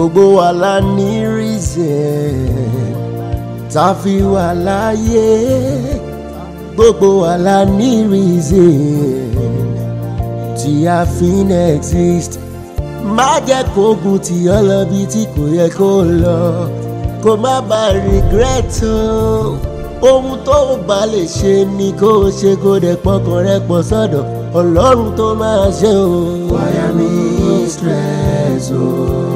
gbogbo wa la ní reason tá a fi wà láyé gbogbo wa la ní reason tí a fi ń exist má jẹ́ kó ogun tí ọ lọ tí kò yẹ kó lọ kó má bàa regret o ohun tó o bá lè ṣe ni kó o ṣe kó dẹ̀ pọkàn rẹ pọ̀ sọ́dọ̀ ọlọ́run tó máa ṣe o. wáyà mi stress o. Oh.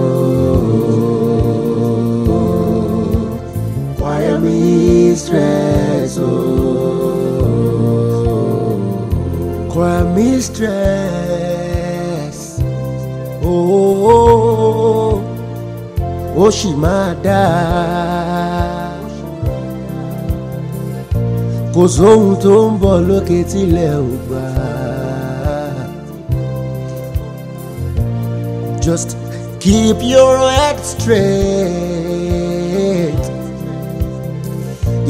mistress, oh, choir mistress, oh, oh, oh, oh she máa dá. Kò oh, tó ń bọ̀ lókè tilẹ̀ ò gbà. Just keep your head straight.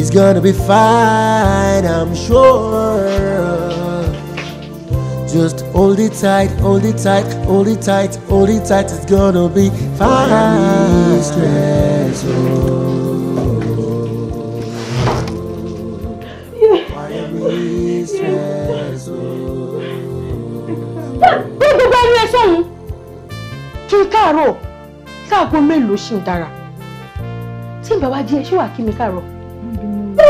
It's gonna be fine, I'm sure. Just hold it tight, hold it tight, hold it tight, hold it tight. It's gonna be fine. Stress, oh. Yeah. Stress, oh. kí káàárọ̀ káàgó mélòó ṣì ń dára tí bàbá jí ẹ ṣé wàá kí mi káàárọ̀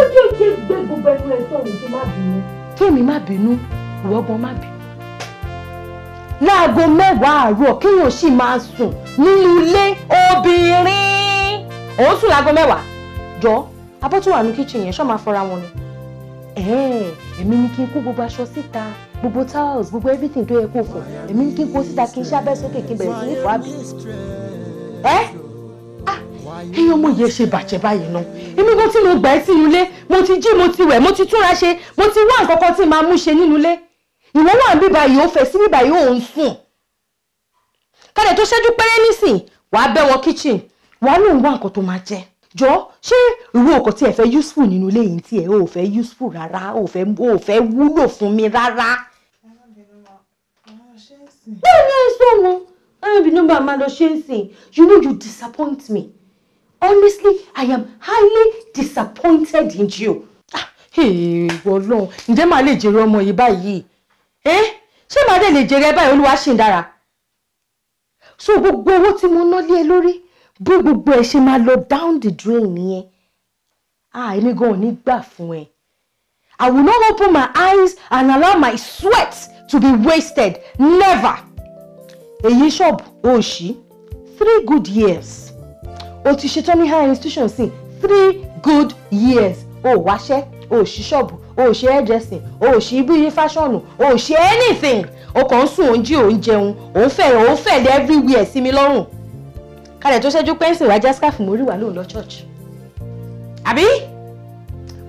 lójú ìṣe gbé gbogbo ẹnu ẹ sọ̀rọ̀ tó má bínú. kémi má bínú ìwọ gan má bínú. láago mẹ́wàá àárọ̀ kéèyàn sì máa sùn nínú ilé obìnrin. òun sùn láago mẹ́wàá jọ abọ́ tó wà ní kíchìn yẹn ṣọ́ máa fọra wọn ni. èmi ni kí n kó gbogbo aṣọ síta gbogbo towels gbogbo everything tó yẹ kó fọ èmi ni kí n kó síta kí n ṣe abẹ́ sókè kí n bẹ̀rẹ̀ sí ní fọ àbí èèyàn ọmọ yẹn ṣe bàjẹ́ báyìí náà èmi gan tí mo gbà ẹ́ sínú ilé mo ti jí mo ti wẹ̀ mo ti túnra ṣe mo ti wá nǹkan kan tí màá mú ṣe nínú ilé ìwọ wà ń bíbá yìí ó fẹ́ sí bíbá yìí ó ń sùn kálẹ̀ tó ṣẹ́jú péré nísìn wàá bẹ́ wọn kitchen wàá lóun wá nǹkan tó máa jẹ jọ ṣé ìwé òkò tí ẹ fẹ́ useful nínú ilé yìí tí ẹ ò fẹ́ useful rárá ò fẹ́ ò fẹ́ wúlò fún mi rárá. bẹ́ẹ̀ ni ẹ sọ wọn arábìnrin bá máa lọ ṣe é sìn you know you disappoint me honestly i am highly disappointed in you. èèwọ̀ ah, lọ́hùn ǹjẹ́ màá lè jèrè ọmọ yìí báyìí ṣé màá dẹ̀ lè jèrè ẹ báyìí olúwa ṣì ń dára so gbogbo owó tí mo ná lé ẹ lórí bí gbogbo ẹ ṣe máa lọ down the drain nìyẹn ah èmi gan ò ní gbà fún ẹ i will not open my eyes and allow my sweat to be wasted never èyí ṣọ́ọ̀bù òṣì three good years o ti ṣetán ní higher institution sí three good years o wáṣẹ́ o ṣí ṣọ́ọ̀bù o ṣe hairdressing o ṣe ibiri fáṣọ̀nù o ṣe anything o kàn ń sùn oúnjẹ òun jẹun òun fẹ̀ òun fẹ̀ lé everywhere sí mi lọ́rùn kalẹ̀ tó ṣẹ́jú pẹ́ńsì wájá scarf mórí wà lóun lọ church àbí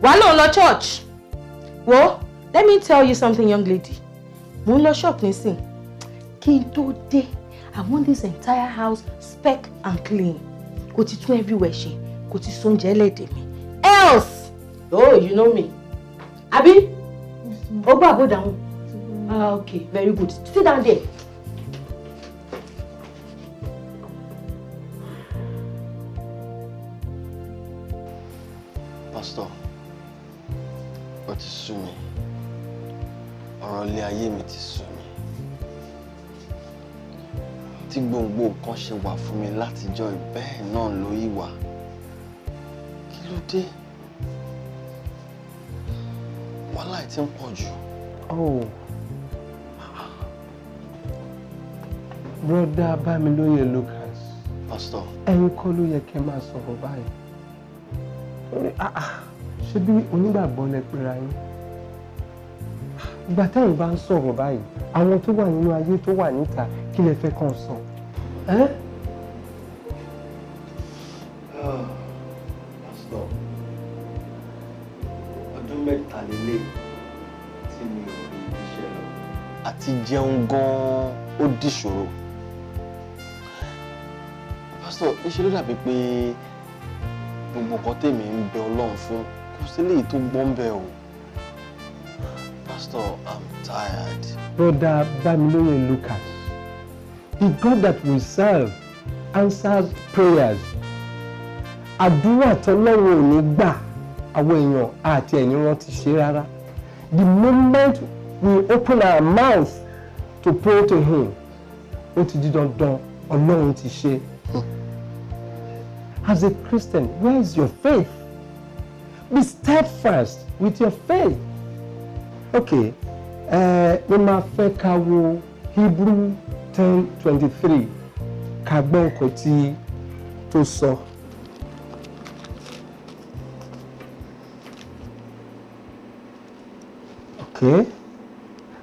wà lóun lọ church wo let me tell you something young lady mo ń lọ shop nísìn kí n tó dé I want this entire house spec and clean kò ti tún everywhere ṣe kò ti sún oúnjẹ ẹlẹ́dẹ̀ mi else oh you know me abi ó gbà bó dáhùn ah okay very good sit down there. pastor ó ti sumi. mi ọ̀rọ̀ ilé ayé mi ti sú tí gbòǹgbò kan ṣe wà fún mi látijọ́ bẹ́ẹ̀ náà ló yí wà kí ló dé wàhálà ẹ̀ ti ń pọ̀ jù. Oh. broda Bámilóyè Lucas pastor ẹ̀yin kọ́ ló yẹ kẹ́ máa sọ̀rọ̀ báyìí torí ah, ah, ṣé bí onígbàgbọ́ lẹ pera yín ìgbà táwọn bá ń sọ̀rọ̀ báyìí àwọn tó wà nínú ayé tó wà níta kí lẹ fait kàn sàn. pásítọ̀ ọdún mẹ́ta lélẹ̀ tí mi ò rí iṣẹ́ lọ. àti jẹun gan-an ó dìṣòro. pásítọ̀ níṣẹ́ ló dàbí pé gbogbo nǹkan tèmi ń bẹ ọlọ́run fún kò sí léyìí tó gbọ́n bẹ́ẹ̀ o. Pastor, I'm tired. Brother Bamilore Lucas, The God that we serve answers prayers. Àdúrà tọ́lọ́run ò ní gbà àwọn èèyàn àti ẹ̀yìn wọn ti ṣe rárá. The moment we open our mouth to pray to him, ó ti di dandan Ọlọ́run ti ṣe. As a Christian, where is your faith? Be steadfast with your faith. Okay, ẹ eh, mo máa fẹ́ ka wo Hebrew ten twenty three ká gbọ́ nǹkan tí tó sọ. okay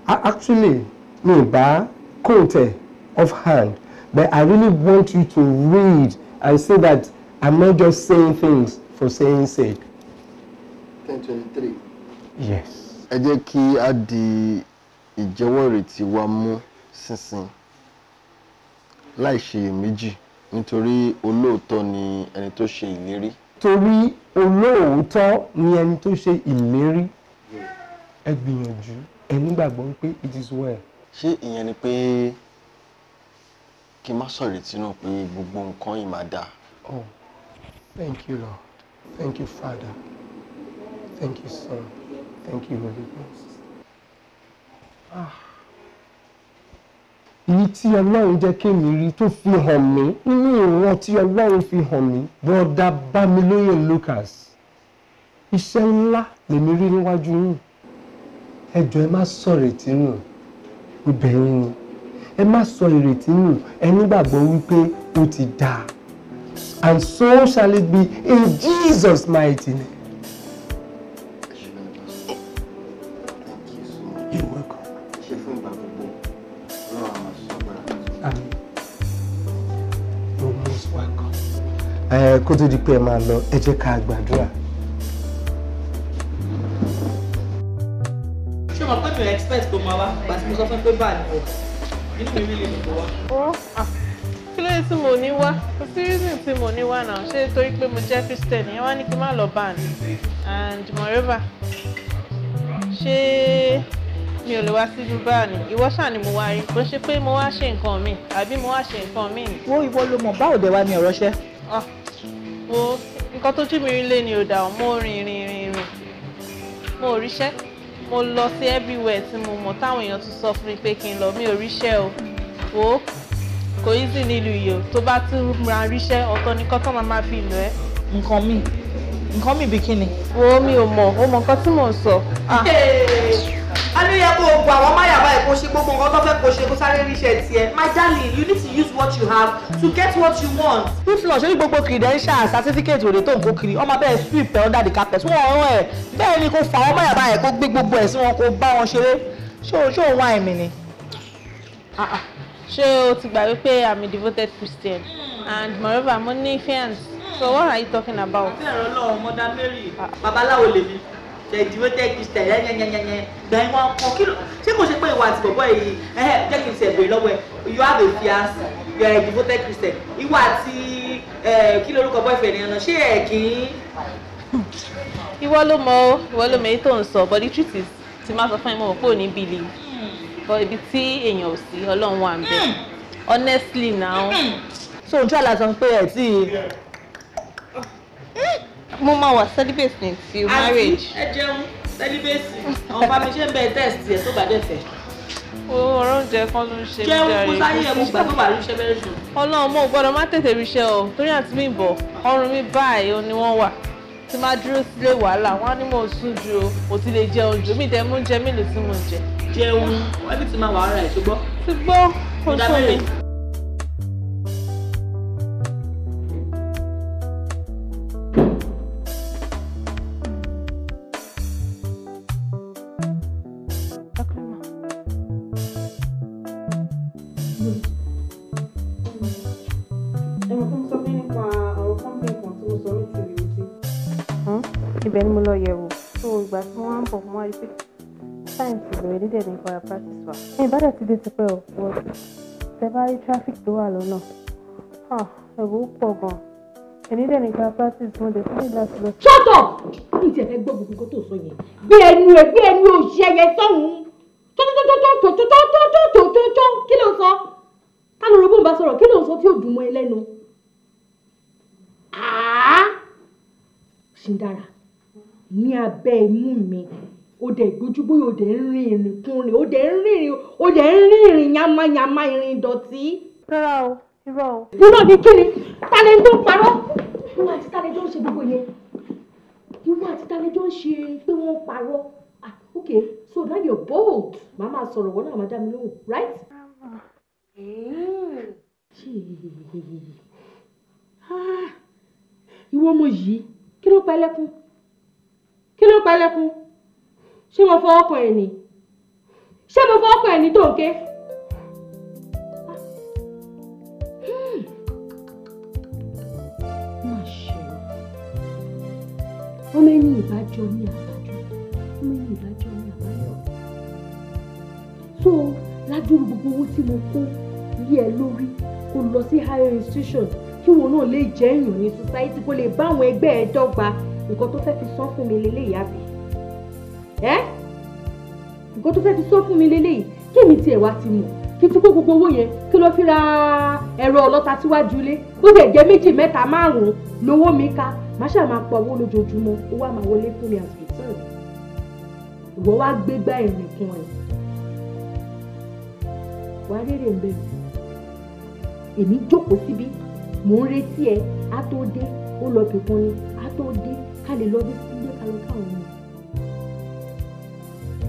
actually mi ò bá kóòtẹ̀ off hand but I really want you to read and say that I'm not just saying things for saying sake. ten twenty three. yes. ẹ jẹ́ kí a di ìjẹ́wọ́ ìrètí wa mú ṣinṣin láì ṣe èméjì nítorí olóòótọ́ ni ẹni tó ṣe ìlérí. torí olóòótọ́ ni ẹni tó ṣe ìlérí ẹ gbìyànjú ẹ nígbàgbọ́ pé it is well. ṣé ìyẹn ni pé kí n má sọ̀rètí náà pé gbogbo nǹkan yìí máa dáa. oh thank you lord thank you father thank you son thank you holy ghost. ah èyí tí ọlọ́run jẹ́ kémi rí tó fi hàn mí nínú ìran tí ọlọ́run fi hàn mí bọ́ọ̀dà bámilóyè Lucas iṣẹ́ ńlá lèmi rí níwájú yìí ẹ jọ̀ọ́ ẹ má sọ ìrètí nù ìbẹ̀rù ni ẹ má sọ ìrètí nù ẹ nígbàgbọ́ wípé ó ti dáa and so shall it be in Jesus mighty name. kó tó di pé ẹ máa lọ ẹ jẹ́ ká gbàdúrà. ṣé màá pẹ́ mi expect kó máa wá bàtí mo sọ fún pé bá a nìbọ̀ nínú mi rí lè nìbọ̀ wá. kí ló tí mo ní wá kò sí reason tí mo ní wá náà ṣé torí pé mo jẹ́ Christian ìyẹn wá ní kí n má lọ bá a ní and moreover ṣé mi ò lè wá síbi báàní ìwọ ṣáà ni mo wá rí kò ṣe pé mo wá ṣe nǹkan mi àbí mo wá ṣe nǹkan mi. wo ìwọ ló mọ báwo dé wá ní ọ̀rọ̀ ṣẹ́. nǹkan tójú mi rí lé ní ọ̀dà mo rìn rìn rìn rìn mo ríṣẹ́ mo lọ sí everywhere tí mo mọ̀ táwọn èèyàn tún sọ fún mi pé kí n lọ mi ò ríṣẹ́ o wò ó kò í sì nílùú yìí o tó bá tún máa ríṣẹ́ ọ̀tọ̀ nìkan tán máa máa fi lọ ẹ́. nǹkan mi nǹkan mi bí kíni. wo mi ò mọ̀ o mọ̀ nǹkan tí mò ń sọ. Ah. a yẹ kó o gbọ́ àwọn máyàbá ẹ̀ kó ṣe gbogbo nǹkan tó fẹ́ kó ṣe kó sáré ríṣẹ́ tiẹ̀. my darling you need to use what you have to get what you want. influence orí gbogbo credential, certificate òde tó ń kó kiri ọmọ bẹ́ẹ̀ sweep under the carpet wọ́n ọ̀rọ̀ ẹ̀ bẹ́ẹ̀ ni kò fà àwọn máyàbá ẹ̀ kó gbé gbogbo ẹ̀ sí wọn kó bá wọn ṣeré ṣó wá ẹ̀mí ni. Ah, ah. ṣé o ti gbà wípé i'm a devoted christian hmm. and moreover mo ní fiance so what are you talking about. àbẹ̀rẹ̀ ọlọ́run mọ́dá mary ah. babaláwo lèmi ẹ devoted christian ẹ yẹnyẹnyẹnyẹ gbẹ̀yìn wọn kọ kí ló ṣé kò ṣe pé ìwà àti bọ̀bọ̀ yìí ẹ jẹ́ kí n ṣe ìbéèrè lọ́wọ́ ẹ you have a fiance you are a devoted christian ìwà àti kí lórúkọ boyfriend yẹn náà ṣé ẹ kì í. ìwọ ló mọ o ìwọ ló mọ èyí tó ń sọ but the truth is ti máa sọ fún ẹ mo mọ̀ pé ní believe hmm. but ibi tí èèyàn ò sí ọlọ́run wà ń bẹ hmm. honestly now. Hmm. so ojú àlàsàn pé ẹ tí mo máa wà celibacy until marriage. àti ẹ jẹun celibacy àwọn bá mi ṣe ń bẹ test ẹ tó bá dẹ̀ fẹ́. ọ̀rọ̀ oúnjẹ kan ló ń ṣe mí jàre jẹun kó sáyé ẹ̀mú gbà tó bá rí iṣẹ́ bẹ́rẹ̀ sùn. ọlọ́run mo gbọ́dọ̀ má tètè ríṣẹ́ o torí àti mi bọ̀ ọrùn mi báyìí ni wọ́n wà tí máa dúró sílé wàhálà wọn á ní mò sùn ju o kò ti lè jẹun ju mi tẹ mú jẹ mélòó tí mo jẹ. jẹun ẹbí ti máa wà ara ẹ ṣùgbọ́n. ṣùgbọ́n kò tó mi. tẹ̀lé dẹ̀ ní practice wa ẹ̀yìn bá dẹ̀ ti dé tipẹ́ o tẹ bá rí traffic tó wà lọ́nà ah, ẹ̀rù pọ̀ gan ẹ̀ní dẹ̀ ní choir practice mo dẹ̀ fún ìlà sílẹ̀. shut up ní ìtì ẹ̀fẹ́ gbọ́ gbogbo nǹkan tó sọ yẹn gbé ẹnu ẹ gbé ẹnu òṣì ẹyẹ sọ́hún tótótótótótótótótótótótó kí ló ń sọ kánú robó ń bá sọ̀rọ̀ kí ló ń sọ tí ò dùn mọ́ ẹ lẹ́nu ṣì ń dára ní abẹ́ imú mi o dẹ̀ gbójú bóyá o dẹ̀ ń rin ìrìn kún rìn o dẹ̀ ń rin ìrìn o dẹ̀ ń rin ìrìn yamayama ìrìn ìdọ̀tí. rárá o irọ́ o. irọ́ ni kí ni tálẹ́ tó parọ́ ìwọ àti tálẹ́ ń ṣe gbogbo yẹn ìwọ àti tálẹ́ ń ṣe pé wọ́n parọ́ ah okay so that your bold màá máa sọ̀rọ̀ wọ́n náà máa dá mi lóhùn right. Ah, ìwọ ọmọ yìí kí ló pa ẹlẹ́kùn kí ló pa ẹlẹ́kùn ṣé mo fọwọ́ kan ẹ̀ ni ṣé mo fọwọ́ kan ẹ̀ ni tó ń ké. Hmm. ọmọ ẹni ìbájọ ní àbájọ ọmọ ẹni ìbájọ ní àbáyọ so ládùúgbò gbogbo owó tí mo kó lé ẹ lórí kó lọ sí higher institution kí wọn náà lè jẹ́ èèyàn ní society kó lè bá àwọn ẹgbẹ́ ẹ dọ́gba nǹkan tó fẹ́ fi san fún mi lélẹ́yàá bí ẹ́ nǹkan tó fẹ́ fi sọ fún mi lélẹ́yìí kí èmi tiẹ̀ wá ti mọ̀ kí tí kó gbogbo owó yẹn kí ló fi ra ẹ̀rọ ọlọ́ta síwájú ilé ó dẹ̀ jẹ́ méjì mẹ́ta márùn-ún lówó mi ká má ṣáà máa pa owó lójoojúmọ́ ó wá máa wọlé fún mi as return ìwọ wá gbégbá ìrìn kan ẹ̀ wá rèrè ń bẹ̀rù èmi jókòó síbí mò ń retí ẹ á tó dé ó lọ bìkan ni á tó dé ká lè lọ bí sílé ká lọ káwọn ọmọ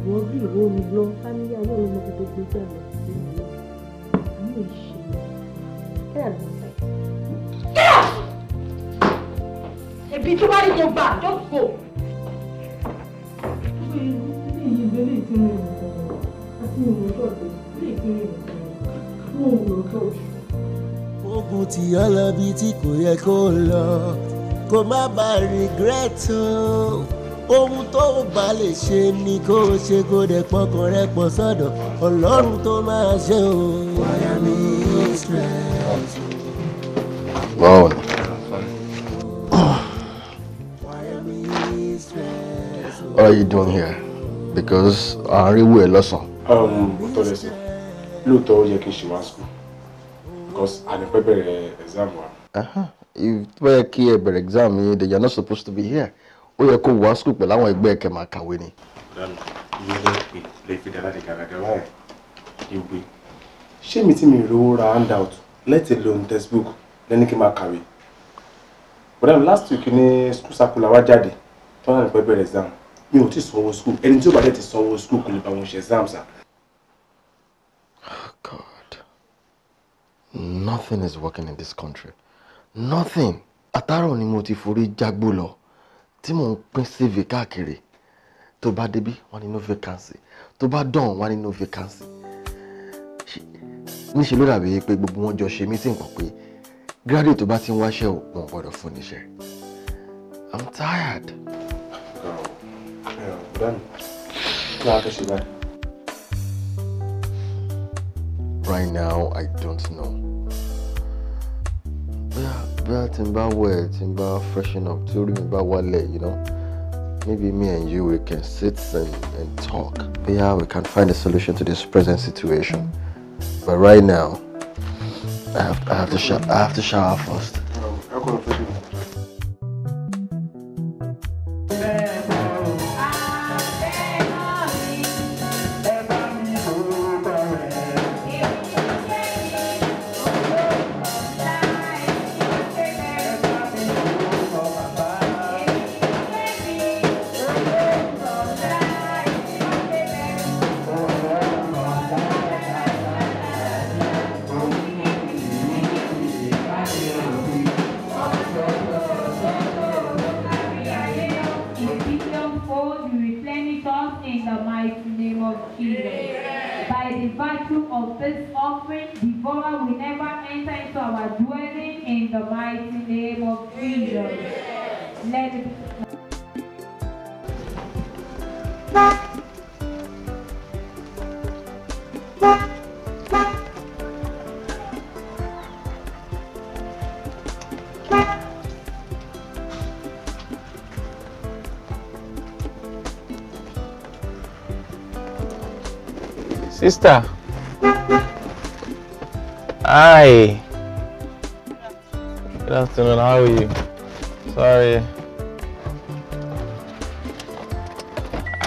wọ́n rí ìwé omi lọ fámílì àwọn ọmọ gbogbo gbogbo ẹ̀ lọ ìṣe kẹ́lẹ́ ló ń bẹ̀. ẹbí tó bá rí tó gbà just go. ṣé ilé yìí gbé lè ti rìn ìrìn àjò àti ìrìn àjò àti lè ti rìn ìrìn fún òun lọ́jọ́ òṣù. ogun tí ó lọ bí yẹ kó lọ kó má bàa regret o. Oh ohun tó bá lè ṣe ni kó o ṣe kó o pọkàn rẹ pọ̀ sọ́dọ̀ ọlọ́run tó máa ṣe o. What are you doing here? Because àárín wù ẹ lọ́sàn. Ọ̀tọ̀ um, lẹ sọ, lóòótọ́ ó yẹ kí n ṣe wá school because àdìpẹ́ bẹ̀rẹ̀ exam Uh huh. If you're here for bẹ̀rẹ̀ exam yìí, then you not supposed to be here ó yẹ kó wá skul pẹ̀lú àwọn ẹgbẹ́ ẹ̀kẹ́ máa kàwé ni. ṣé mi tí mi rówó ra handout lẹ́tẹ̀ lo textbook lẹ́ni kí n máa kàwé bọ̀dá mi last week ní school circular wá jáde tí wọ́n náà pẹ́ bẹ̀rẹ̀ exam mi ò tí ì sanwó school ẹni tí ó bá dẹ̀ ti sanwó school kò lè bá wọn ṣe exam sa. Oh, God nothing is working in this country nothing àtàrọ̀ ni mo ti forí jágbó lọ tí mò ń pín CV káàkiri tó bá débí wọ́n ní vacancy tó bá dán wọ́n ní vacancy níṣẹ́ ló dàbí pé gbogbo wọn jọ ṣe mítìn kan pé graduate tó bá ti ń wáṣẹ́ ò wọ́n gbọ́dọ̀ fún níṣẹ́ i'm tired. right now i don't know. bóyá tí n bá wẹ̀ tí n freshen up tí remember what bá you know maybe me and you we can sit and, and talk bóyá we can find a solution to this present situation but right now I have, I have to shower I have to shower first. Sister. Hi. Good afternoon. How are you? Sorry.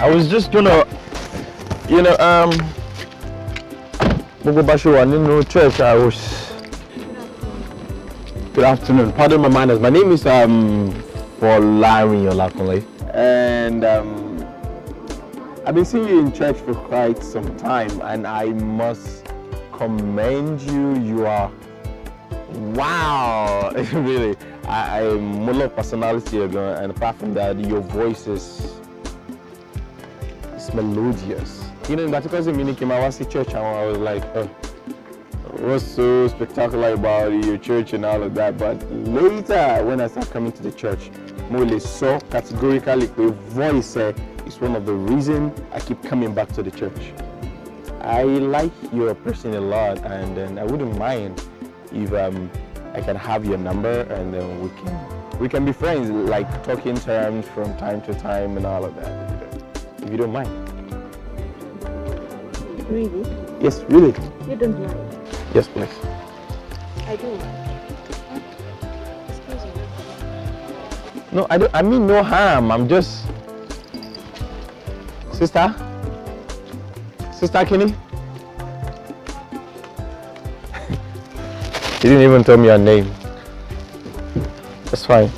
I was just gonna, you know, um, Mugo Bashuwa, Nino Church, I was. Good afternoon. Pardon my manners. My name is um, Folari Olakunle. And um, I've been seeing you in church for quite some time, and I must commend you. You are wow, really. I, I'm full of personality again, and apart from that, your voice is it's melodious. You know, in because when I came, I was in church, and I was like, oh, what's so spectacular about your church and all of that? But later, when I started coming to the church, Mole saw categorically the voice. Eh, it's one of the reasons I keep coming back to the church. I like your person a lot and, and I wouldn't mind if um, I can have your number and then we can we can be friends, like talking terms from time to time and all of that. If you don't mind. Really? Yes, really. You don't mind? Yes, please. I do. Excuse me. No, I don't. I mean no harm. I'm just. Sister? Sister Kenny? you didn't even tell me your name. That's fine.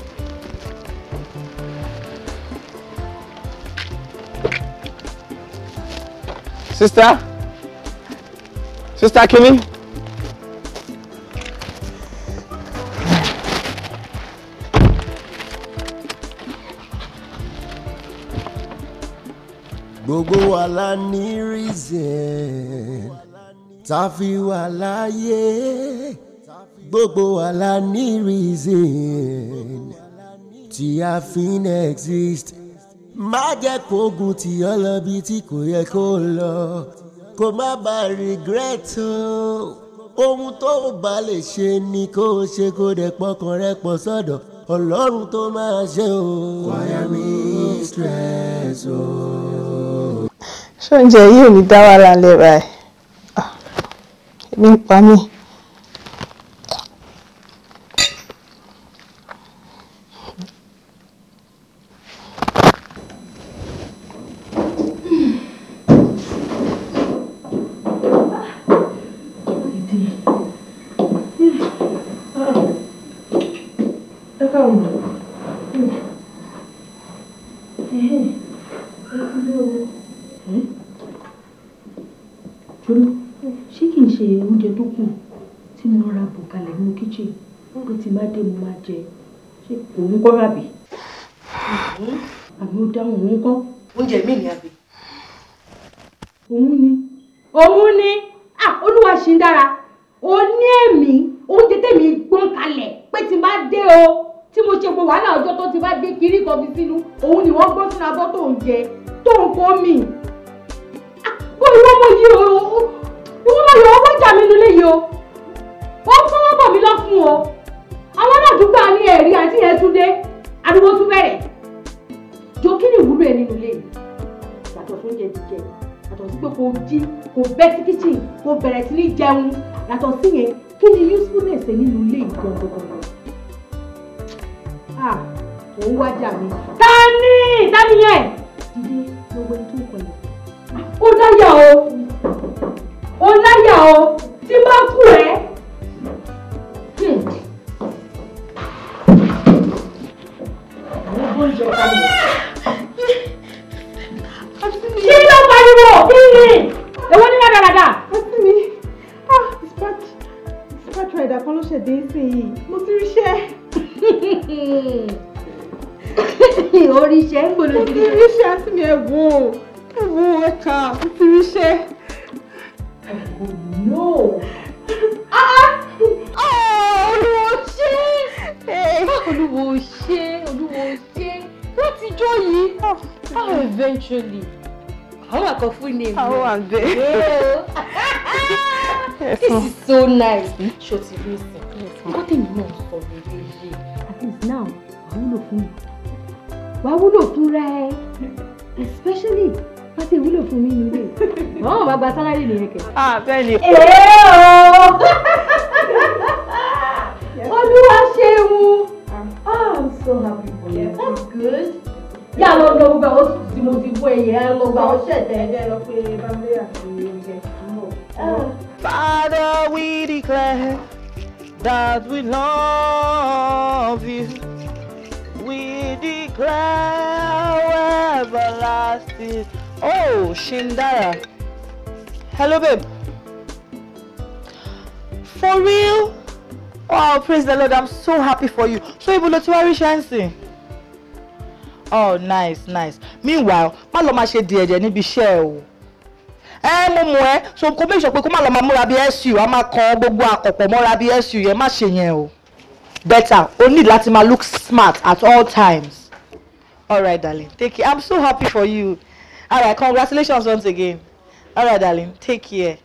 Sister? Sister Kenny? gbogbo wa la ní reason tá a fi wà láyé gbogbo wa la ní reason tí a fi ń exist má jẹ́ kógun tí ọ lọ bí tí kò yẹ kó lọ kó má bàa regret o ohun tó bá lè ṣe ni kó o ṣe kó dẹ̀ pọkàn rẹ pọ̀ sọ́dọ̀ ọlọ́run tó máa ṣe o. wáyà mi stress o. Oh ṣóúnjẹ yìí ò ní dá wà lálẹ́ báyìí ebi ah, ń pa mí. Mm-hmm. Tolú, ṣé kì í ṣe oúnjẹ tó kù tí mo ra bò kalẹ̀ nínú kitchen? Wọ́n pé tí n bá dé mo máa jẹ. Ṣé òun kọ́ ràbí? Àbí ó dáhùn òun kọ́? Oúnjẹ mi ni àbí? Òun ni. Òun ni. Ah! Olúwa ṣe ń dára. O ní èmi oúnjẹ tèmi gbọ́n kalẹ̀ pé tí n bá dé o tí mo ṣe pé wàhálà ọjọ́ tó ti bá gbé kiri kan fi sínú òun ni wọ́n gbọ́n sínú abọ́ tó ń jẹ tó ń kó mì ìwọ ọmọ yìí o ìwọ ọmọ yìí ọwọ́ jà mí lulẹ̀ yìí o wọ́n fún wọn bọ̀ mí lọ fún o àwọn náà tún gbà ní ẹ̀rí àti ẹ̀túndé ariwo tún bẹ̀rẹ̀ jọ kí ni ìwúlò ẹ nínú ilé yàtọ̀ fún oúnjẹ jíjẹ yàtọ̀ sí pé kò jí kò bẹ́ sí kíchìn kò bẹ̀rẹ̀ sí ní jẹun yàtọ̀ sí yẹn kí ni usefulness ẹ nínú ilé yìí gangan ah òun wá jà mí. ta ni ta ni yẹn. dídé gbogbo ẹni tó ń pẹ̀lú ó láyà o ó láyà o tí bá kú ẹ. Hmm. kí ló pariwo kí ni èwo ní rádaràdà. àtúnmí ah dispatch dispatch rider kan ló ṣẹ̀dé nísìnyí mo ti ríṣẹ́. oríṣẹ́ ń gbọ́dọ̀ jù. mo ti ríṣẹ́ àtúnmí ẹ̀gbọ́n o. Owó ẹ̀ka ti rí ah, ah. Oh, No! Eh, Olúwo ṣé! Olúwo ṣé! Olúwo ṣé! Látijọ́ yìí, how ah, eventually? How I can full name? How am I? This is so nice. Ṣòtì rí ìsìn. Kọ́tẹ̀mí náà sọ lórí èyí. At least now, wàá wúlò fún mi. Wàá wúlò fún rẹ̀. Especially pátá ìwúlò fún mi nílé wọn bá gba sálárì nìyẹn kẹ. a bẹ́ẹ̀ ni. olúwa ṣeun ah, i'm so happy for you that's good. yà lọ lọ gba oṣù tí mo ti bọ ẹyẹ lọ gba ọṣẹ tẹẹdẹ lọ pé bámbé àti oúnjẹ ah. Father, we declare that we love you. We declare everlasting Oh, Shindara. Hello, babe. For real? Oh, praise the Lord. I'm so happy for you. So, you lo ti wá Oh, nice, nice. Meanwhile, má lọ máa ṣe dieje níbi iṣẹ́ o. eh, mo mo eh. so kò make sure pé kó má lọ máa múra bí su a máa kan gbogbo àkọ̀pọ̀ mọ́ra bí su yẹn ma ṣe yẹn o better o need láti máa look smart at all times all right darling take care i'm so happy for you All right, congratulations once again. All right, darling, take care.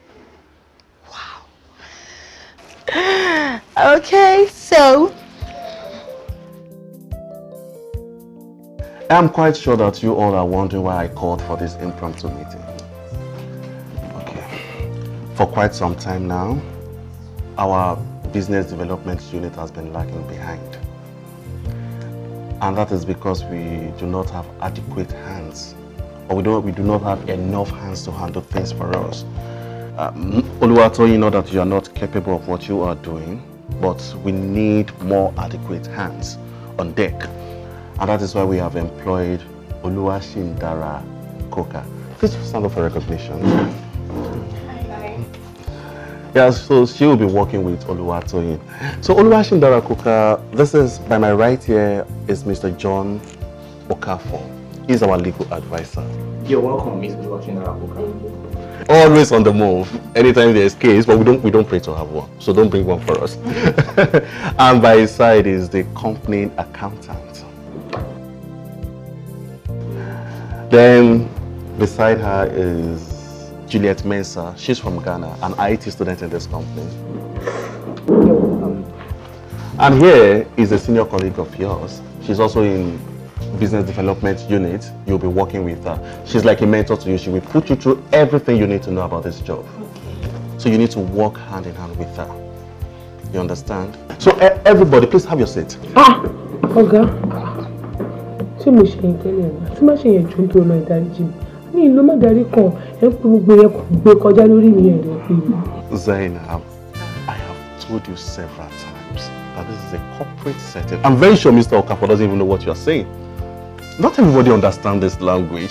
Wow. Okay, so. I'm quite sure that you all are wondering why I called for this impromptu meeting. Okay. For quite some time now, our business development unit has been lagging behind. And that is because we do not have adequate hands we do not have enough hands to handle things for us. Um, you know that you are not capable of what you are doing, but we need more adequate hands on deck. And that is why we have employed Oluwashindara Koka. Please stand up for recognition. Yeah, so she will be working with Oluwatoyin. So Oluwashindara Koka, this is by my right here is Mr. John Okafor. He's our legal advisor. You're welcome, Mrs. Washington Apoka. Always on the move. Anytime there's case, but we don't we don't pray to have one. So don't bring one for us. and by his side is the company accountant. Then beside her is Juliet Mensah. She's from Ghana, an IT student in this company. And here is a senior colleague of yours. She's also in business development unit you'll be working with. her. she's like a mentor to you. She will put you through everything you need to know about this job. So you need to work hand in hand with her. You understand? So e, everybody, please have your seat. Ah, Ọ̀gá. Ṣé mo ṣe yẹn tẹ́lẹ̀ ni? Tí má ṣe yẹn jù ń tó lọ ìdáríjì mi. Mi ìlú má darí kan, ẹ kú gbogbo yẹn gbé kọjá lórí mi yẹn Zainab, I have told you several times that this is a corporate setting. I'm very sure Mr. Okafor doesn't even know what you are saying. Not everybody understands this language.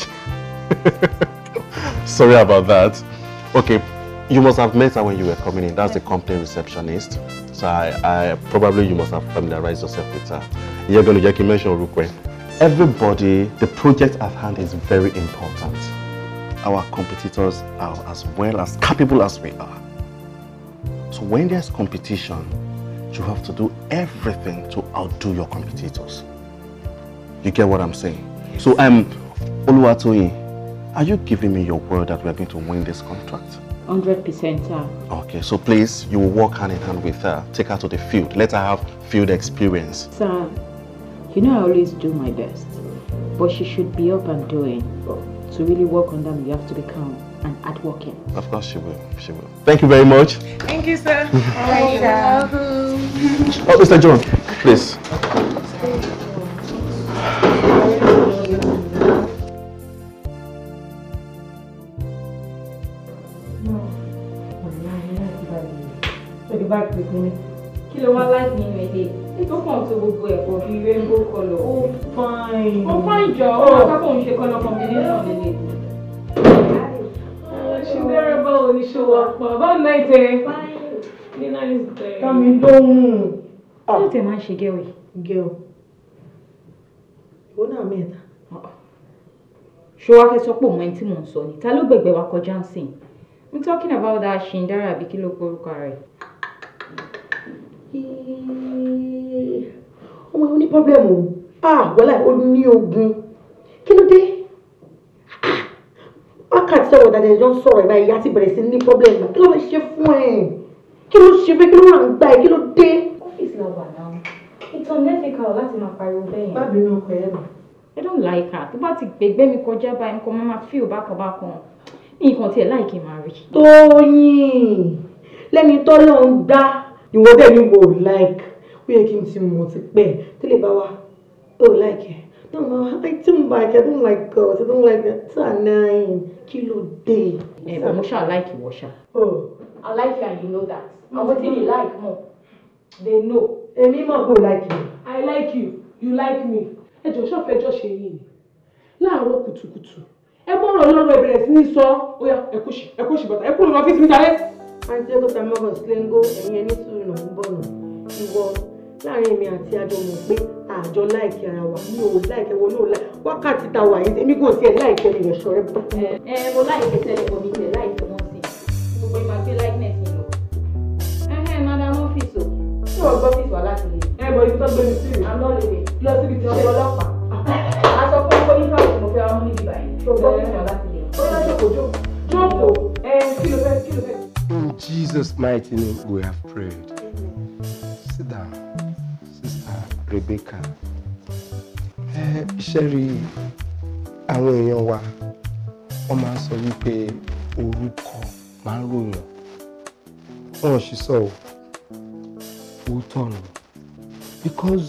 Sorry about that. Okay, you must have met her when you were coming in. That's the company receptionist. So I, I, probably you must have familiarized yourself with her. You're going to get mention Everybody, the project at hand is very important. Our competitors are as well as capable as we are. So when there's competition, you have to do everything to outdo your competitors. You get what I'm saying? Yes. So, um, Oluwatoyin, are you giving me your word that we are going to win this contract? 100% sir. Okay, so please, you will work hand in hand with her. Take her to the field. Let her have field experience. Sir, you know I always do my best. But she should be up and doing. To really work on them, you have to be calm and working. Of course she will. She will. Thank you very much. Thank you, sir. Thank you. Oh, Mr. John, please. kí ló wá láti nínú èdè ètò kan tó gbogbo ẹ̀kọ́ bíi rainbow colour ó fine ó fine jọ ó akápò ń ṣe colour combination nílé. ṣùgbọ́n báwo ni ṣe wà pọ̀ báwo náà ìtẹ̀ nínú àìsàn tẹ̀. kámi lóhùn. ó tẹ̀ máa ń ṣe gẹ́wì. gẹ́wì ìwọ náà mẹ́ta ṣé wàá fẹ́ sọ pé òun ẹni tí mò ń sọ ni ta ló gbẹgbẹ wa kọjá ń sìn I'm talking about that Shindara àbí kí ló porúkọ rẹ̀. ọmọ yẹn ní pọ́blẹ́mù o ah, wọlé ó ní ogun kí ló dé wákàtí ọ̀rọ̀ dàdé ẹjọ́ ń sọ̀rọ̀ ẹ̀ báyìí ìyá ti bẹ̀rẹ̀ sí ní pọ́blẹ́mù kí ló ṣe fún ẹ̀ kí ló ṣe fẹ́ kí ló wà ń gbà ẹ̀ kí ló dé. ọ́fíìsì la wà náà. It's unethical láti máa pariwo bẹ́ẹ̀ yẹn. Má bínú ọkọ ẹ̀ mọ̀. I don't like her. Tó bá ti gbẹgbẹ́ mi kọjá báyìí, nǹkan máa feel bákan bákan. Ní nǹkan tiẹ̀ láìkí máa rí. Tóyìn lẹ́ni tọ́lọ́ ń dá ìwọ bẹ́ẹ̀ ni mo like. Ó yẹ kí n ti mọ̀ ti pẹ́ tẹ́lẹ̀ bá wa ó like ẹ̀. Don't know. I don't like. I don't like girls. I don't like that. It's annoying. Kilo day. Eh, but Musha, I like you, Musha. Oh. I like you, and you know that. Mm-hmm. And what like more, they know èmi mọ̀ pé o like me. I like you you like me ẹ jọ ṣọ́ọ̀fẹ́ ẹjọ́ ṣe yìí ni láàárọ̀ kùtùkùtù ẹ mọ̀rọ̀ lọ́rọ̀ ìbẹ̀rẹ̀ sí ní sọ ó yá ẹ kúṣì ẹ kúṣì bàtà ẹ kúrò lọ fífi níta rẹ. àǹtí ẹgbẹ́ ta mọ́gàn sílẹ̀ńgó ẹ̀yìn ẹni sùúrù náà ń bọ̀ nù ìwọ láàrin èmi àti àjọ mọ̀ pé àjọ láìkí ara wa mi ò láìkí ẹwọ náà láì wákàtí ta wà yìí èmi kò tiẹ̀ láìkí ẹni rẹ̀ bọ̀. ẹ mo mi tẹ̀ láìkí mọ́ sí i mo pé màá gbé láìkí. ṣé o gbọ́ bí ìwà láti lè. ẹ bọ ibi tó sí rè. àmọ́ lè lè lọ síbi tí ọkọ ọlọ́pàá. a sọ fún ọkọ yíká mo fẹ́ ọmọ níbi báyìí. ṣé gbọ́ bí ìwà láti lè. ó yá jókòó jókòó jókòó ẹ kí ló fẹ́ kí ló fẹ́. In Jesus' mighty name we have prayed. Sit down, Sister Rebecca. Ẹ ṣe rí àwọn èèyàn wa, wọ́n máa ń sọ wípé orúkọ máa ń ròyìn. Wọ́n ò sọ o ó tọ̀nù because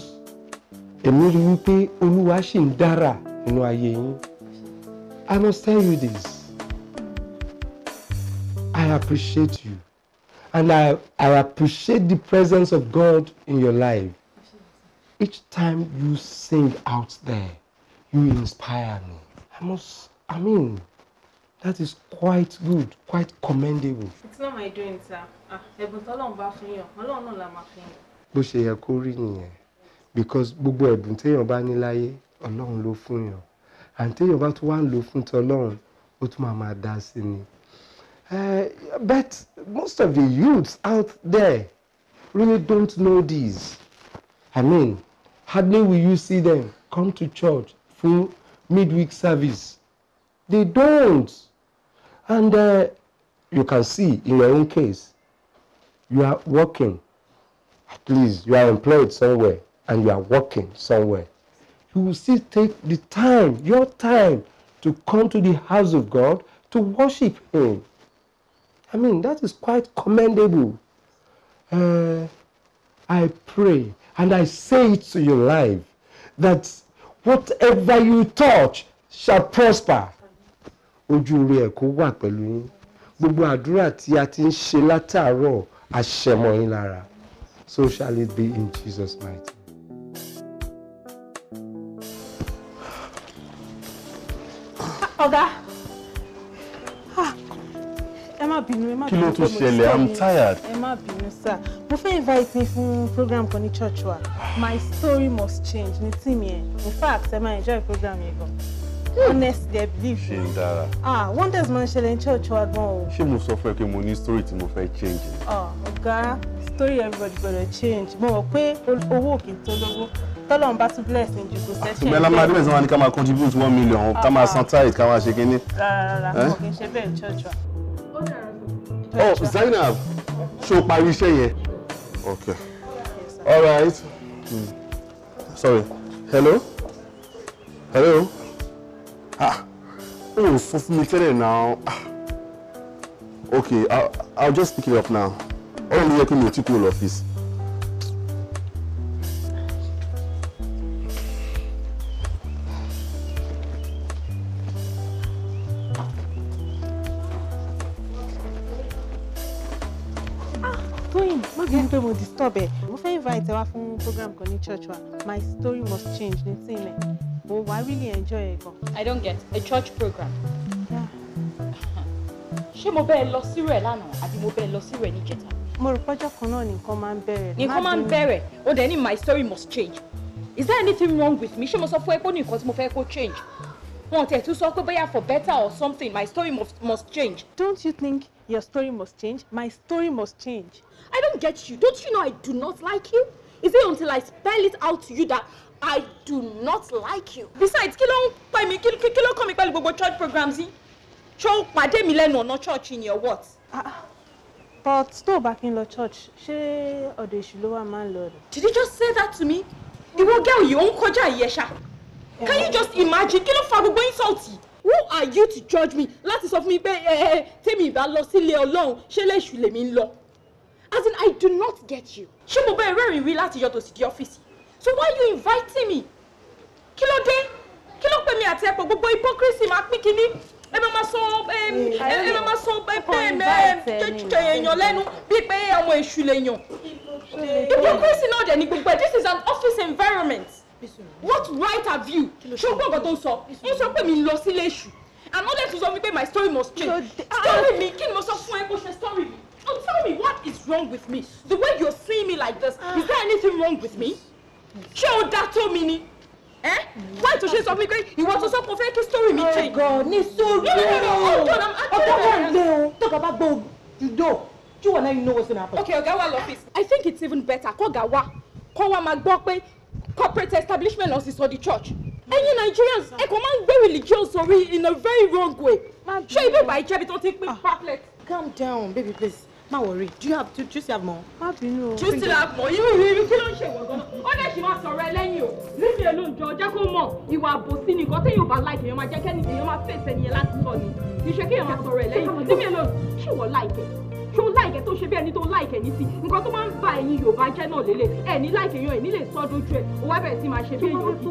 èmi rí wípé olúwa ṣì ń dára nínú ayé yín I must tell you this I appreciate you and I, I appreciate the presence of God in your life each time you sing out there you inspire me I must I mean that is quite good quite commendable. it's not my doing sir ah, ẹ̀bùn tọ́lọ́run bá fi yàn ọlọ́run náà la máa fi yàn. bó ṣe yẹ kó rí nìyẹn because gbogbo ẹ̀bùn téèyàn bá ní láyé ọlọ́run ló fún yàn and téèyàn bá tún wá ń lò fún tọlọ́run ó tún máa máa dá sí ni. Eh, but most of the youths out there really don't know this. I mean, hardly will you see them come to church for midweek service. They don't. And uh, you can see in your own case, you are working. At least you are employed somewhere and you are working somewhere. You will still take the time, your time, to come to the house of God to worship Him. I mean, that is quite commendable. Uh, I pray and I say it to you live that whatever you touch shall prosper. ojú rẹ kó wà pẹ̀lú yín gbogbo àdúrà tí a ti ń ṣe látàárọ̀ àṣẹmọ yín lára so shall it be in Jesus might. ọ̀gá ah. ẹ má bínú ẹ má bínú kí ṣẹlẹ̀ i'm tired. ẹ má bínú sá mo fẹ́ invite yín fún program kan ní church wa my story must change ní tíìmù yẹn in fact ẹ máa enjoy program yẹn gan honest dey believe. ṣe ń dára. ah wonders máa ń ṣẹlẹ̀ ní church wa gan o. ṣé mo sọ fún ẹ pé mo ní story tí mo fẹ́ change. Ah, ọ̀gá story everybody gbọ́dọ̀ change mo mọ̀ pé owó òkè tó lówó tọ́lọ́run bá tún bless ní ju gbèsè ṣe. àtúgbẹ́ lámà adébẹ̀ sọ́wọ́n ni ká máa contribute one million ah, ká máa ah. san tithe ká máa ṣe kínní. rárá rárá eh? kò kì í ṣe bẹ́ẹ̀ church oh Zainab ṣó parí iṣẹ́ yẹn. okay all right hmm. sorry hello hello ah o ò sọ fún mi tẹ́lẹ̀ ah okay I'll, I'll just pick it up now ọ̀rọ̀ mi yẹ kí mi ò tí kúrò lọ́fíìsì. Ah, pé mo disturb ẹ mo fẹ́ invite ẹ wá fún program kan ní church wa my story must change ní tí ilẹ̀ mo wá really enjoy ẹ gan. I don't get a church program. ṣé mo bẹ́ẹ̀ lọ sírò ẹ̀ lánàá àbí mo bẹ́ẹ̀ lọ sírò ẹ̀ níjẹta. mo rò pọ́jọ́ kan náà nìkan máa ń bẹ̀rẹ̀. nìkan máa ń bẹ̀rẹ̀ ó dẹ̀ ní my story must change is there anything wrong with me ṣé mo sọ fún ẹ pé ó ní tí mo fẹ́ kó change wọn ò tẹ̀ tún sọ pé bóyá for better or something my story must, must change. don't you think Your story must change. My story must change. I don't get you. Don't you know I do not like you? Is it until I spell it out to you that I do not like you? Besides, kilo ló ń pa mi kí kí gbogbo church programs yìí? Ṣé o pàdé mi lẹ́nu ọ̀nà church in your what? Ah, ah. But still back in the church, she ọ̀dọ̀ èṣù ló wà máa Did you just say that to me? The one girl you ń koja yesha. Can you just imagine Kilo ló fa gbogbo insult yìí? who are you to judge me láti sọ fún mi pé ẹ eh, ẹ eh, eh, tèmi ìbá lọ sílé ọlọ́run ṣé lẹ́sù lèmi ń lọ as in i do not get you ṣé mo bẹ́ẹ̀ rẹ́rìn rí láti yọ tòsí di ọ́fíìsì so why you inviting me kí ló dé kí ló pè mí àti ẹ̀pọ̀ gbogbo hypocrisy máa pín kínní ẹ máa hmm, máa sọ ẹ máa máa sọ bẹ́ẹ̀ èèyàn lẹ́nu bíi pé ọmọ èṣù lèèyàn hypocrisy náà dẹ̀ ni gbogbo this is an office environment what right have you ṣùgbọ́n nǹkan tó ń sọ ń sọ pé mi lọ sílé èṣù àmọ́ lẹ́tù sọ wípé my story must change ah, story mi kí ni mo sọ fún ẹ kó ṣe story mi now oh, tell me what is wrong with me the way you're seeing me like this ah. is there anything wrong with me ṣé o dá tó mi ni eh? why to ṣe sọ fún mi pé ìwọ tó sọ fún fẹ́ kí story mi oh change. ọgọ ní sórí o ọgọ wà lé o about kà bá gbọ́ judo you wanna know what's gonna happen. okay ọ̀gá wa lọ fíìsì. i think it's even better kó ọ̀gá wa kó wa máa gbọ́ pé corporate establishment lọ sí sọ church Any Nigerians ẹ command very ń gbé in a very wrong way ṣé ibi ìgbà ìjẹ́bi tó take ah. me pamphlet. calm down baby please má worry do you have to choose have more. má bínú o. choose have more You will kill on ń Oh, wọ̀ngàn ó dẹ̀ sì you. Leave me alone, o lífi èlò you are bossing. You ìwà àbòsí ni nǹkan life? bá láìpẹ́ yẹn máa jẹ́ kẹ́ni èèyàn máa last funny. You sọ ni kì í ṣe kéèyàn máa sọ̀rọ̀ ẹ lẹ́yìn lífi ṣé ó láìkẹ́ tó ṣe bí ẹni tó láìkẹ́ ní sí nǹkan tó máa ń ba ẹ̀yin Yorùbá jẹ́ náà lélẹ̀ ẹ̀ ní láìkẹ́ yan ẹ̀ ní lè sọ dojú ẹ̀ ó wá bẹ̀rẹ̀ sí máa ṣe bí èèyàn gidi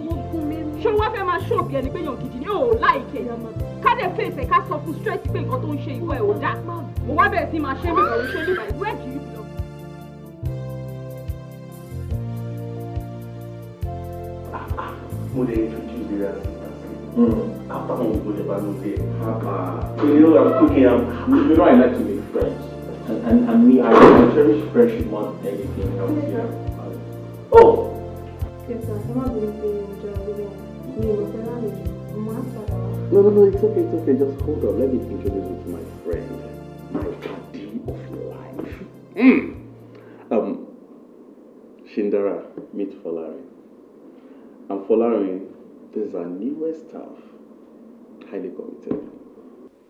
ṣé wọ́n fẹ́ máa ṣọ̀bì ẹni pé èèyàn gidi ni ó láìkẹ́ ká dẹ̀ fèsì ká sọ fún stress pé nǹkan tó ń ṣe ikọ̀ ẹ̀ ò dáa ó wá bẹ̀rẹ̀ sí máa ṣe bí ìbẹ̀rù ṣe bí ìbẹ̀rù wẹ́ẹ̀ kì í b mo lè introduce you as Mm. After one, we go to Bangalore. Uh, you know, I'm cooking. I'm, you know, I like to make friends. And, and, and me, I, cherish friendship more than anything else. Yeah. Oh! Yes, sir. Come on, no, no, no, it's okay, it's okay. Just hold on. Let me introduce you to my friend, my buddy of life. Mm. Um, Shindara, meet Folarin. And Folarin, this is our newest staff, highly committed.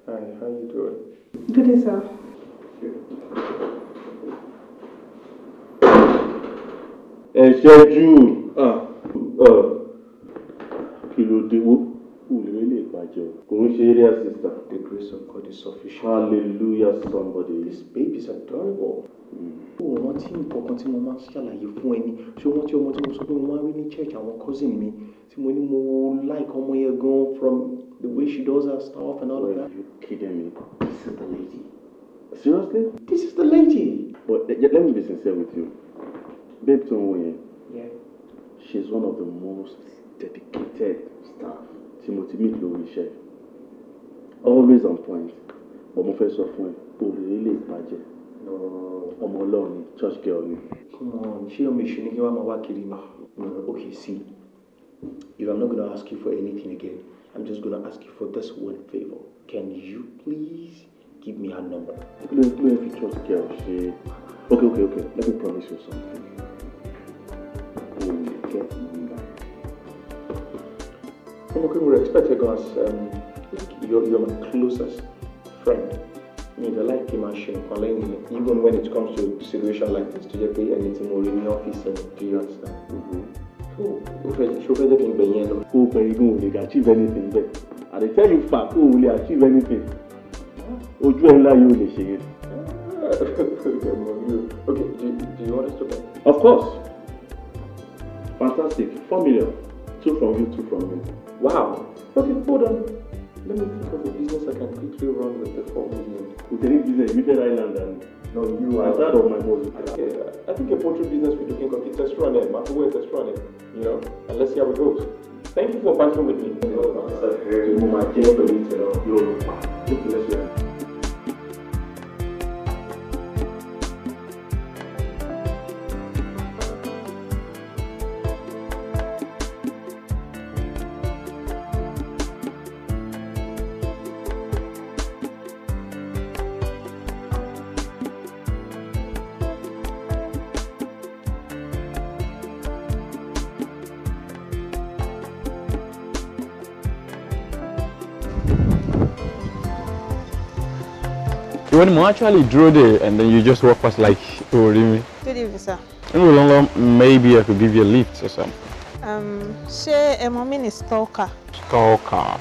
Hi, how you doing? Good, day, sir. ẹ̀ṣẹ́jú ah. Ah. kí ló dé wó ìwé lè bàjẹ́ kò ń ṣe area sister. the grace of God is sufficient. hallelujah somebody. this baby is adorable. Hmm. ó rántí nǹkan kan tí mo máa ń ṣàlàyé fún ẹni ṣé wọ́n tí ọmọ tí mo sọ pé mo máa ń rí ní church àwọn cousin mi tí mo ní mo like ọmọ yẹn gan from the way she does her stuff and all of that. were you kidding me? this is the lady. Seriously? This is the lady. But eh, let, me be sincere with you. Babe Tonwe. Yeah. She's one of the most dedicated staff. Timothy meet lórí Always on point. But mo fẹ́ sọ fún ẹ, òrèlè lè bàjẹ́. Ọmọ Ọlọ́run ni church girl ni. Come on, ṣé ọmọ ìṣúná kí wàá máa wá kiri ni? No, okay, see. If I'm not going to ask you for anything again, I'm just going to ask you for this one favor. Can you please? Give me her number. Please, please, if you trust girl, she. Okay, okay, okay. Let me promise you something. You will get my number. I'm oh, okay with respect because um, you're, you're my closest friend. mi ìdá láìpẹ́ máa ṣe nǹkan lẹ́yìn even when it comes to situation like this tó jẹ́ pé ẹni tí mo rí ní do mm-hmm. oh, oh, you understand? ó fẹ́ ṣó fẹ́ jẹ́ kí n gbẹ̀yìn ẹ lọ. obìnrin gun ò achieve anything bẹ́ẹ̀ i tell you fuck! o will lè achieve anything. ńlá lè ṣe okay do, do you want us to bet. of course fantastic Four million. Two from you two from me. wow okay hold on let me think of a business I can quickly run with the four million. with any business you get island and. No, you are that of my money. Okay, I think a poultry business we can compete test run it, but who is test run it? You know, and let's see how it goes. Thank you for partnering with me. òun mo actually draw dé and then you just walk past like orí oh, mi. good evening sir. nínú lọ́nlọ́ maybe I could give you a lift or something. Um, ẹ a mi ni stalker. stalker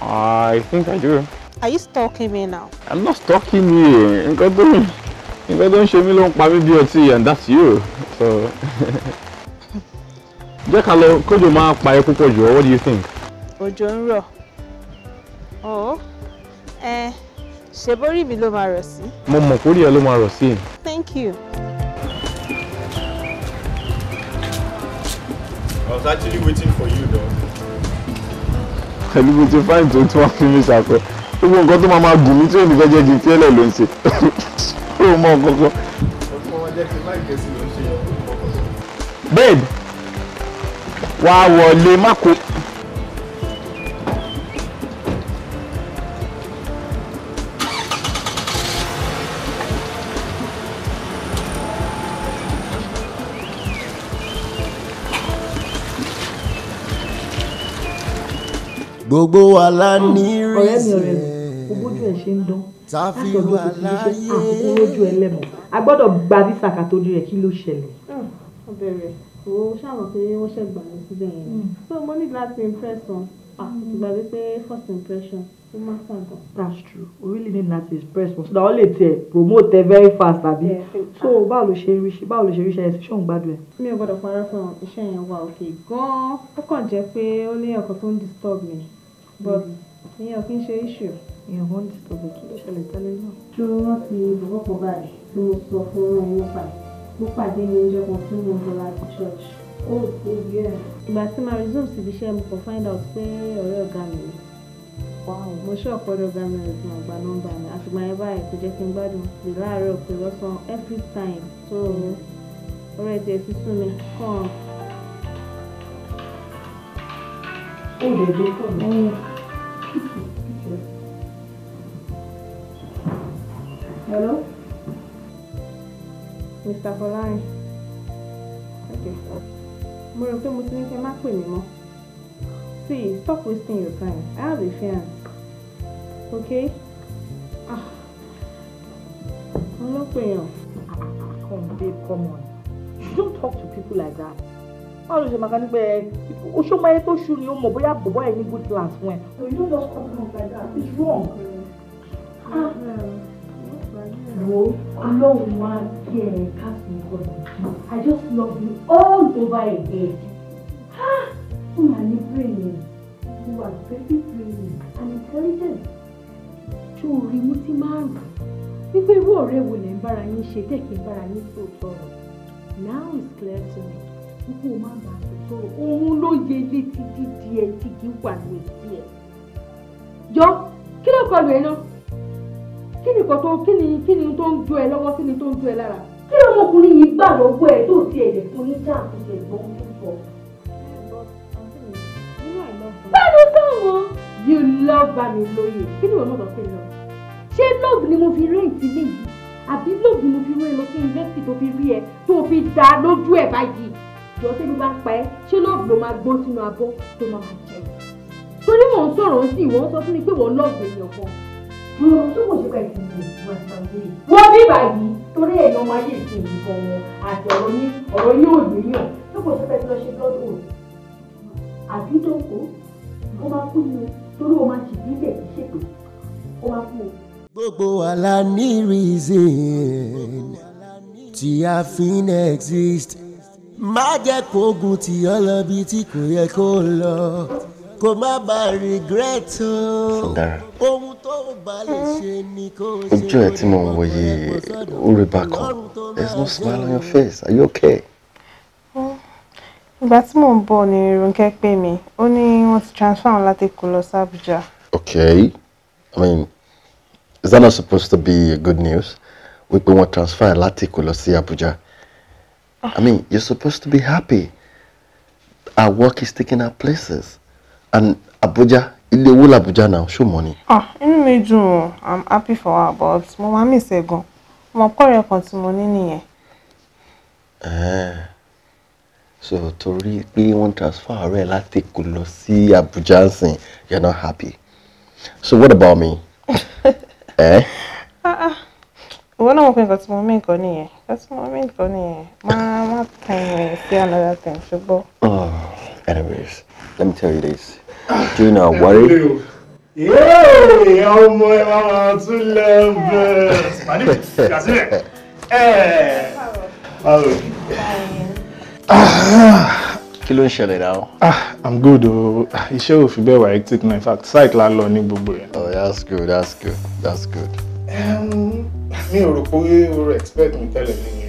I think I do. Are you stalking me now? I'm not stalking you. God tó ń nǹkan tó ń ṣe mí ló ń pa and that's you. So jẹ́ ká lọ kójò máa pa ẹ púpọ̀ jù ọ́ what do you think? Òjò ń Oh. Eh ṣèbórí mi ló máa rọ̀ sí. mo mọ̀ kórìí ẹ ló máa rọ̀ sí. thank you. I was actually waiting for you though. Pẹ̀lú bó ti fáìn tó tún wá fún mi ṣàpẹ́. Gbogbo nǹkan tó máa máa gùn mí tí èmi fẹ́ jẹ́ kí n fi ẹlẹ̀ ló ń ṣe. Ó mọ kankan. Babe, wàá wọlé má kó. gbogbo wa la ah, ní ìrẹsì ojú ẹ ṣe ń dán láti ọdún tuntun iṣẹ́ àkókò lójú ẹlẹ́mọ̀ a gbọ́dọ̀ gba visa kàtó di rẹ̀ kí ló ṣẹlẹ̀. ọbẹ̀rẹ̀ hmm, o ṣàmọ̀ pé wọ́n ṣẹ̀ gbà mí síbẹ̀ yẹn hmm. so mo ní láti impress wọn àtìgbà ah, wípé first impression ó má sàgàn. that's true o really need láti express wọn so that wọ́n lè tẹ̀ promote ẹ very fast àbí so báwo ló ṣe rí báwo ló ṣe rí ṣẹyẹ ṣóun gbádùn ẹ. mi ò gbọ́dọ̀ parọ́ fún iṣẹ́ yẹn wà òkè gan-an ó kàn jẹ́ pé ó ní ọkọ̀ tó ń disturb mi but hmm. ìyẹn ò kí ń ṣe issue èèyàn kan disturb kí ló ṣẹlẹ̀ tẹ́lẹ̀ náà. ṣé o rántí bàbá kan báyìí tí mo sọ fún ẹ nípa ẹ mo pàdé ní ọjọ́ kan tí mo lọ láti church. oh oh yeah. ìgbà tí màá resume síbi iṣẹ́ mo kàn find out pé ọ̀rẹ́ ọ̀gá mi ni wow mo ṣe ọ̀pọ̀lọpọ̀ ọ̀gá mi rẹ̀ fún ọgbà nọ́mbà mi àtùgbà yẹn báyìí kò jẹ́ kí n gbádùn pé láàárọ̀ pé lọ́sàn-án every time so hmm. ọ̀rẹ́ tiẹ̀ sísún mi kàn ó lè gbé fún hello. mr fọlárin okay mo rò pé mo ti ní kí ẹ má pè mí mọ́ see stop wasting your time i have a fiance okay ah ọlọ́pàá èèyàn. Ah, come babe come on you don't talk to people like that báwo ló ṣe máa ká nípa ẹ oṣù máa yẹ tó ṣu ni ó mọ̀ bóyá bọ̀bọ̀ ẹ ní good class fún ẹ. you no just compliment like that it's wrong. wo ọlọ́run wá kí ẹ káàsì nǹkan I just love you all over again. ó máa ní brain you are very brainy and intelligent. ṣé o rí mú ti márùn-ún wípé irú ọ̀rẹ́ wo lè ń bára yín ṣe tẹ̀ bára yín sòótọ́ now it's clear to me kó má bà á sọ̀rọ̀ òun ló yẹ létí dídí ẹ tí kì í wà ní etí ẹ. jọ kí ló kọlu ẹ náà kí ni nǹkan kí ni kí ni tó ń jó ẹ lọ́wọ́ kí ni tó ń jó ẹ lára. kí ọmọkùnrin yìí gbà lọ́wọ́ ẹ tó ti ẹ̀dẹ̀ fún ní jáàmù ẹ̀gbọ́n tó sọ. báyìí sọ̀rọ̀ you love bami lóye kí ni ìwọ̀n náà lọ sí lọ. ṣé love ni mo fi rẹ́ǹtì lè yìí àbí love ni mo fi rẹ́ǹtì lọ sí yunifásitì tó fi rí ẹ tó fi dá lójú ẹ báyìí jọ tẹ́bí bá pa ẹ́ ṣé ló ló máa gbó sínú abọ́ tó máa máa jẹ torí mò ń sọ̀rọ̀ sí ìwọ́n sọ fún mi pé wọ́n lọ́ọ̀bù èèyàn kan wọ́n bí báyìí torí ẹ̀yàn máa yé ìsinmi kan wọn àti ọ̀rọ̀ yín ọ̀rọ̀ yín ò yàn tó kò ṣe ká ìsinmi ṣe blood oath àbí tó kó máa kú ni torí ó máa ṣìbí bẹ̀ kí ṣètò ó máa kú. gbogbo wa ní reason tí a fi ń exist má jẹ́ kó ogun tì ọ́ lọ bí tí kò yẹ kó lọ kó má bàa regret o ohun tó bá lè ṣe ni kó ṣe ojú ẹ tí mo wọ yìí ó rí bákan there's no smile on your face are you okay. ìgbà tí mò ń bọ̀ ni Rónkẹ́ pè mí ó ní wọ́n ti transfer wọn láti kó lọ sí Àbújá. okay i mean is that not supposed to be good news wípé wọ́n transfer láti kó lọ sí Àbújá. I mean, you're supposed to be happy. Our work is taking our places. And Abuja, ilé owó Abuja now, show money. Ah, inú mi dùn I'm happy for her, but My máa say go. My career, kọ́rẹ́ kan tí mo ní nìyẹn. Eh. So torí pé wọ́n transfer rẹ̀ láti Èkó lọ sí Abuja saying you're not happy. So what about me? eh? uh -uh ìwọ náà mọ̀ pé nǹkan tí mo mean nǹkan nìyẹn nǹkan tí mo mean nǹkan nìyẹn máa má time ẹ̀ sí another time ṣùgbọ́n. Oh, anyways let me tell you this do you know what it. ọmọ ẹ máa tún lẹ bẹ kí ló ń ṣẹlẹ̀ náà. ah i'm good o iṣẹ́ ò fi bẹ́ẹ̀ wà hectic na in fact site la lọ ní gbogbo ẹ̀. oh that's good that's good that's good. Um, mi ò rò pé o expect me tẹ́lẹ̀ mi ni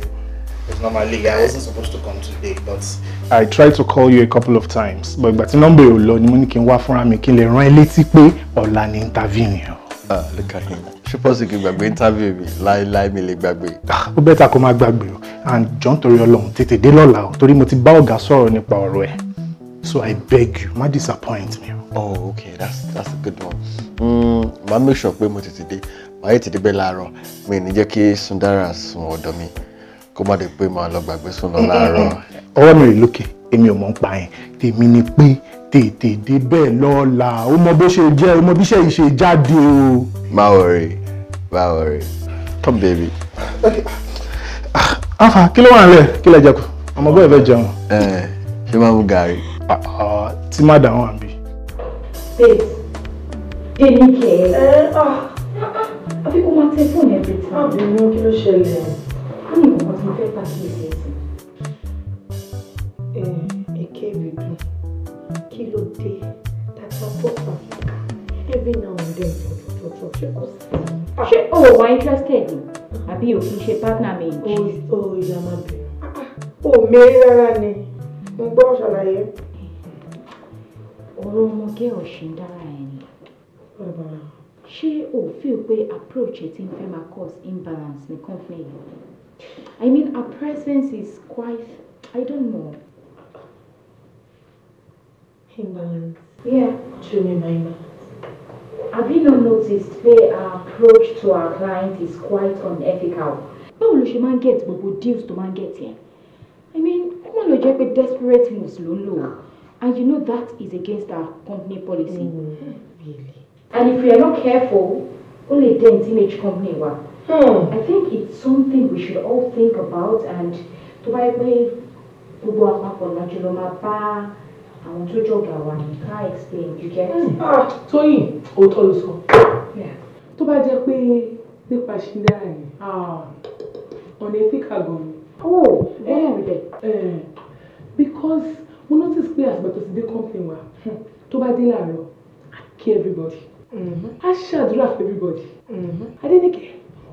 because normally I wasn't supposed to come today but. I tried to call you a couple of times but ìgbà tí nọ́mbà yóò lọ ni mo ní kí n wá fúnra mi kí n lè rán ẹ létí pé ọ̀la ni interview yẹn. ah look at him ṣé pọ́sìkì gbàgbé interview mi láéláé mi lè gbàgbé. Ah, ó bẹ́ẹ̀ ta kó má gbàgbé o and John torí ọlọ́run tètè dé lọ́la o torí mo ti bá ọ̀gá sọ̀rọ̀ nípa ọ̀rọ̀ ẹ̀ so I beg you ma, disappoint me. oh okay that's that's a good one mm, ma make sure pé mo tètè dé máa yìí ti débẹ̀ láàárọ̀ mi ò ní jẹ́ kí Sundara sun ọ̀dọ̀ mi kó má dé pé màá lọ gbàgbé sùn lọ láàárọ̀. ọwọ́ mi rè lókè èmi ò mọ̀ ń pa yẹn tèmi ni pé tètè débẹ̀ lọ́la ó mọ bó ṣe jẹ́ ó mọ bí iṣẹ́ yìí ṣe jáde o. má worry má worry come baby. afa kí ló wà nílẹ̀ kí lẹ jẹ kù ọmọ bóyá fẹ́ jẹun. ṣé máa mú gàrí. Ah, ah, tí má dà wọn àbí. babe èmi kẹ́ ẹ́ àfi kó máa tẹ fóònù ẹ̀ tètè. má bínú kí ló ṣẹlẹ̀. ó ní ìwọ̀n tí mo fẹ́ pa kí èsì ẹ̀sìn. èké ìbìdú kí ló dé tata fọ́pà every now and then tọ̀tọ̀tọ̀ ṣé kò sí. ṣé o wà interested ni àbí o kì í ṣe partner mi. o ìyá máa bẹ̀rẹ̀. o mèrè rárá ni mo gbọ́ ṣàlàyé. ọ̀rọ̀ ọmọge ọ̀sìn dára ẹ̀ ni ṣé o feel pé approach ẹ ti ń fẹ́ máa cause imbalance ní company yìí i mean her presence is quite i don't know. imbalance. yeah. true me my man. have you not noticed pé our approach to our client is quite unethical. báwo ló ṣe máa ń get gbogbo deals tó máa ń get yẹn i mean kó má lọ jẹ́ pé desperate moves ló ń lò and you know that is against our company policy. Mm, really? And if we are not careful, only then teenage company wa. Hmm. I think it's something we should all think about and tó bá yẹ pé gbogbo àpapọ̀ lọ́jọ́ ló máa bá to jog jọ̀gà Can't explain you get. Hmm. Ah, Tóyìn òótọ́ ló sọ. Tó bá jẹ́ pé nípa ṣídá rẹ̀ ah, ọ̀nà ètíkà gan-an. Oh, Eh. Eh. Because mo notice pé àgbàtọ̀ ti dé company wa hmm. To bá the láàárọ̀ I care everybody. Mm-hmm. a ṣàdúrà fún everybody Adéníkẹ́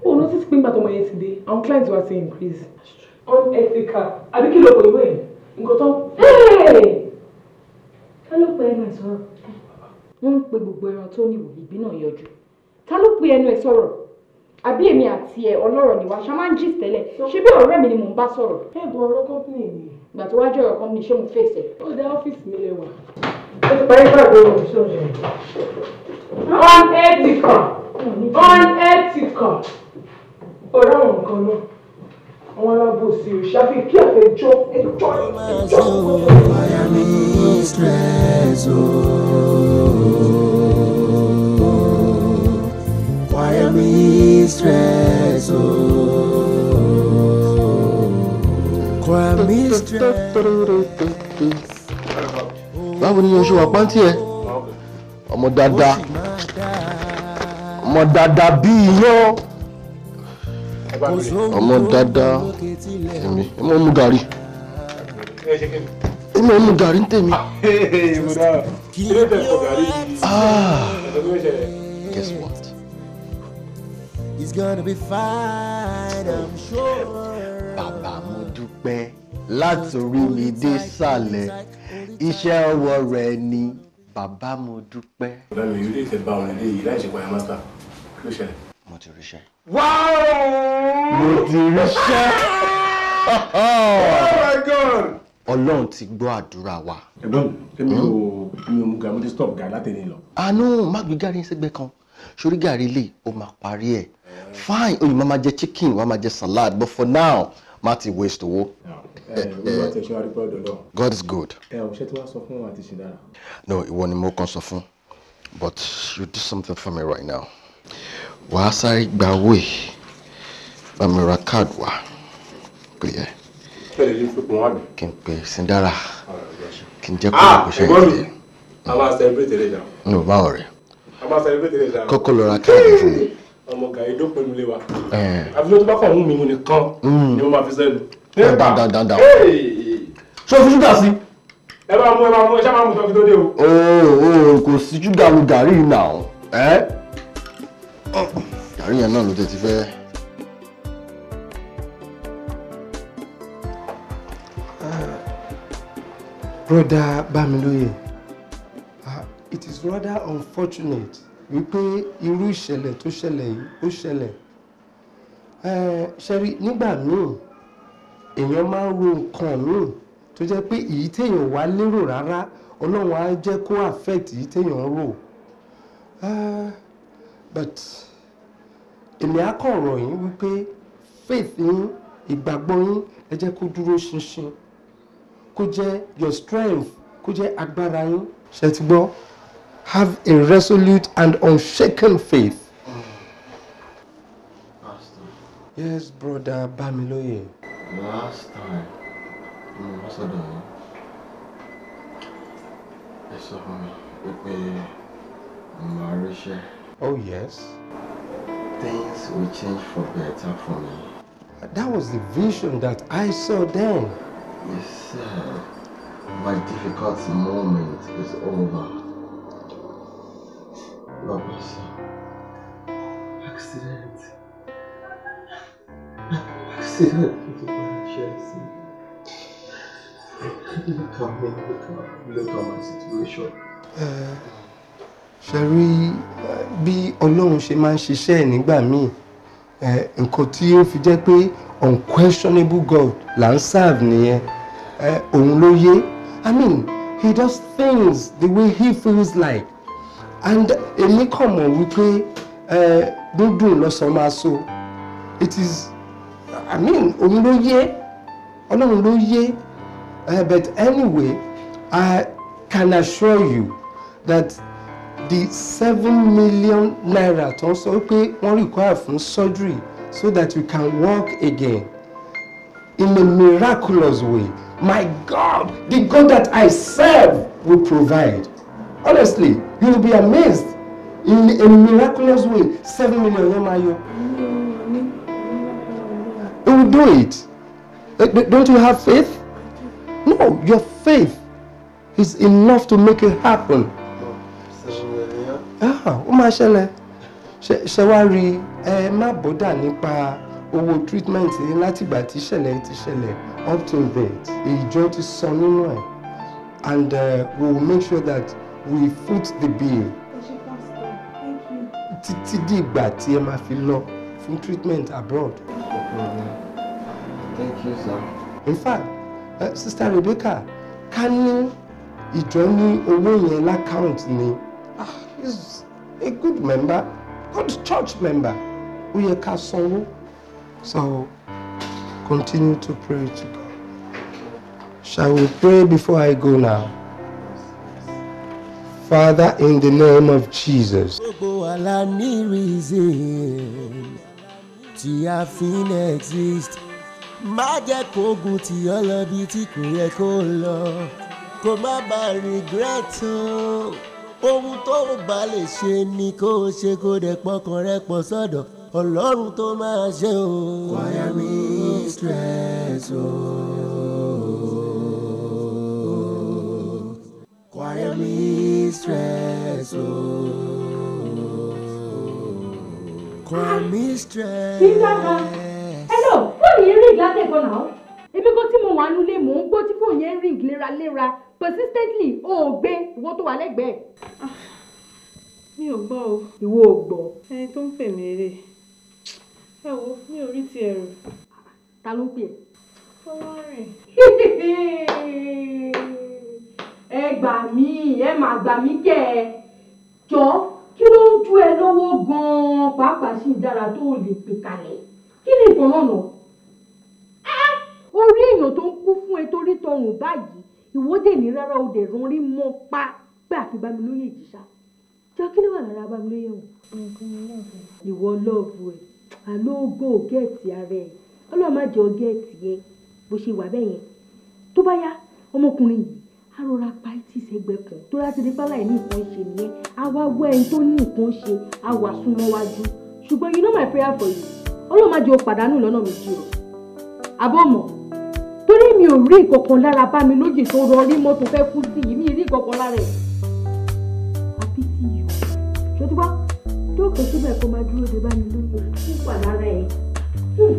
o notice pé nígbà tó ọmọ yẹn ti dé àwọn clients wa ti increase unethical àbí kí ló pè wé nǹkan tó. ká ló pe ẹnu ẹ sọ̀rọ̀ wọ́n ń pe gbogbo ẹran tó níwò ìbí náà yọjú ta ló pe ẹnu ẹ sọ̀rọ̀ àbí èmi àti ẹ ọlọ́rọ̀ ni wá ṣá máa ń jí tẹ́lẹ̀ ṣé bí ọ̀rẹ́ mi ni mò ń bá sọ̀rọ̀. ẹ̀gbọ́n ọ̀rọ̀ kọ́pìnì ni. ìgbà tó wájú ọ̀rọ̀ kọ́pìnì ṣé mo fèsì. ó dá ọ́fíìsì mi lẹ́wà. ó ti parí pàdé òṣèlú unethical unethical ọ̀rọ̀ àwọn nǹkan náà wọn lọ sí i ṣàfi kí ọ̀fẹ́ jó ẹjọ́ ẹjọ́. Báwo ni o ṣe wà pàǹtí ẹ? Ọmọ dáadáa ọmọ dada bíi iyán ọmọ dada èmi ọmọ mu gàrí èmi ọmọ gàrí ń tèmi. Ah. guess what. Bàbá mo dúpẹ́ látòrí mi dé sàlẹ̀ iṣẹ́ ọwọ́ rẹ ni bàbá mo dúpẹ́. Bàbá mi yóò lè fẹ́ bá ọ̀rẹ́ lé yìí láì ṣe pàyàmọ́ta ló ṣẹlẹ̀. mo ti ríṣẹ́. mo ti ríṣẹ́. oh my god. ọlọ́run ti gbọ́ àdúrà wa. ẹ̀gbọ́n mi hmm? ò mi ò mú gàrí mo ti stop gàrí látẹ̀lé lọ. àánú má gbé gàrí ẹsẹ̀gbẹ́ kan sórí gàrí lè o máa parí ẹ̀ fine oyin máa jẹ chicken wàá máa jẹ salad but for now má ti waste owó. God is good. ẹ ò ṣe tí wàá sọ fún wa àti ṣe dára. no ìwọ ni mo kàn sọ fún but you do something for me right now wàá sáré gba owó yìí bá mi ra káàdì wá pé ẹ kí n pè sídára kí n jẹ́ kó o ah, ṣe ìdílé. a máa celebrate rẹ̀ jà. ní o bá ọ̀rẹ́ kọ́kọ́ lọ ra káàdì fún mi. ọmọ gàá idó pẹ̀lú ilé wa eh. àfi ló tó bá kàn ń mímu nìkan hmm. ni mo máa fi sẹ́nu. Eh, dandandandan ṣé o fi ṣúgà sí. ẹ bá mú ẹ bá mú ẹ ṣá máa mú tọ́kítọ́ dé o. ooo oh, oh, kò sí ṣúgà lu gàrí náà. Eh? gàrí yẹn náà ló tẹ̀ ti fẹ́. broda Bámilóyè ah, it is rather unfortunate wípé irú ìṣẹ̀lẹ̀ tó ṣẹlẹ̀ yìí ó ṣẹlẹ̀ eh, ṣẹ́rí nígbà míì èèyàn máa ń ro nǹkan míì tó jẹ́ pé èyí téèyàn wá lérò rárá ọlọ́run á jẹ́ kó affect èyí téèyàn ń rò. Uh, but èmi á kàn rọ̀ yín wípé faith yín ìgbàgbọ́ yín ẹ jẹ́ kó dúró ṣinṣin kó jẹ́ your strength kó jẹ́ agbára yín ṣe ti gbọ́ have a resolute and unshaken faith. yes brother Bamiloye. last time mo wá sọ́dọ̀ yín ẹ sọ fún mi pé mo máa ríṣẹ́. Oh, yes. Things will change for better for me. That was the vision that I saw then. Yes, sir. My difficult moment is over. Baba, sir. Accident. Accident. Look at come in? at, look at my situation. Uh, ṣe rí bí ọlọ́run ṣe máa ń ṣiṣẹ́ ẹ̀ nígbà míì nǹkan tí ó fi jẹ́ pé unquestionable God là ń serve nìyẹn òun ló yé I mean he does things the way he feels like and èmi kàn mọ̀ wípé dúndùn lọ́sàn-án máa so it is I mean òun ló yé ọlọ́run ló yé but anyway I can assure you that the seven million naira tó ń sọ pé require from surgery so that you can walk again in a miraculous way my God the God that I serve will provide honestly you will be amazed in a miraculous way seven million I? will do it eh, don't you have faith no your faith is enough to make it happen. Ah, ó máa ṣẹlẹ̀ ṣe wá rí ẹ má bọ́dà nípa owó treatment yìí látìgbà tí ìṣẹ̀lẹ̀ ti ṣẹlẹ̀ up till date ìjọ ti san nínú ẹ̀ and uh, we will make sure that we foot the bill títí di ìgbà tí ẹ máa fi lọ fún treatment abroad. Thank you, sir. In fact, uh, Sister Rebecca ká ní ìjọ ní owó yẹn lákàùntì ni is a good member good church member ó yẹ ká so continue to pray to God shall we pray before I go now Father in the name of Jesus. má jẹ́ kógun tí ọ lọ bí tí kò yẹ kó lọ kó má bàa regret o. Oh ohun tó bá lè ṣe ni kó o ṣe kó dẹ̀ pọkàn rẹ pọ̀ sọ́dọ̀ ọlọ́run tó máa ṣe o. choir mistress o. Oh. choir mistress o. Oh. choir mistress. hello fóònù yìí rí ìgbà tẹ̀gbọ́n náà èmi kò tí mo wà nílé mò ń gbọ́ tí fóònù yẹn ń rí ìléraléra persistently o ò gbé ìwọ tó wà lẹ́gbẹ̀ẹ́. Ah, mi ò gbọ́ o. ìwọ ò gbọ́. ẹni tó ń pè mí rè ẹ wo mi ò rí ti ẹ̀rù. ta ló ń pè é. fọlọ́rìn. ẹ gbà mí ẹ mà gbà mí kẹ́ ẹ jọ kí ló ń tú ẹ lọ́wọ́ gan-an pàápàá sí dára tó lè pè kalẹ̀ kí ni ìtàn náà orí èèyàn tó ń kú fún ẹ torí tọrùn báyìí ìwọ́dẹ̀ ní rárá òde ìrànrí mọ́ pa gbà fi bá mi lóye ìjìṣà jọ kí ló wà lára bá mi lóye wọn. ìwọ lọ́ọ̀bù ẹ̀ àlọ́ ògbó gẹ̀ẹ́tì ara ẹ̀ ọlọ́run má jẹ́ ọgẹ́ẹ̀tì yẹn bó ṣe wà bẹ́ẹ̀ yẹn tó bá yá ọmọkùnrin yìí á rọra pa etí sẹ́gbẹ́ kan tó láti rí pálá ẹ̀ ní nǹkan ṣe nìyẹn á wá wá ẹni tó ní nǹkan ṣe á wà súnmọ́ wájú ṣùgbọ́n you know my prayer for you ọlọ́run má jẹ́ o pàdánù lọ́nà méjì o àbọ̀ mọ̀ mi ò rí ìkọ̀kan lára bá mi lójì tó rọrí mọ́tò fẹ́ kú sí yìí mi rí ìkọ̀kan lára ẹ̀. àbí ti yọ ṣòtúbá tó kẹ́ síbẹ̀ kó máa dúró de bá mi lójì fún wà lára ẹ̀. Hmm.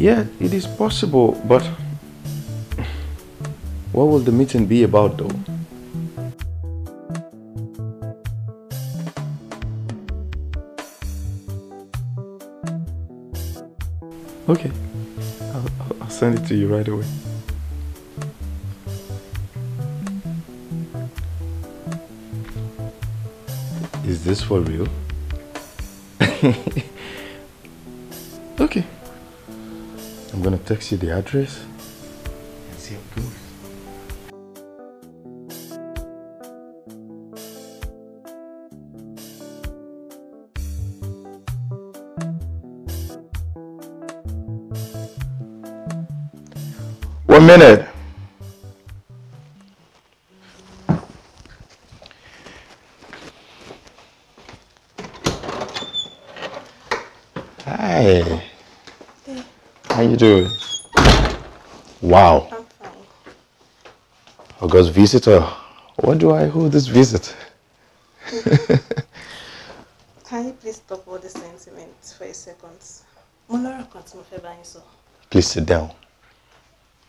Yeah, it is possible, but what will the meeting be about though? Okay, I'll, I'll send it to you right away. Is this for real? gonna text you the address and see how it goes. One minute. Hi you doing? Wow. I'm visitor. What do I owe this visit? Can you please stop all the sentiments for a second? Please sit down.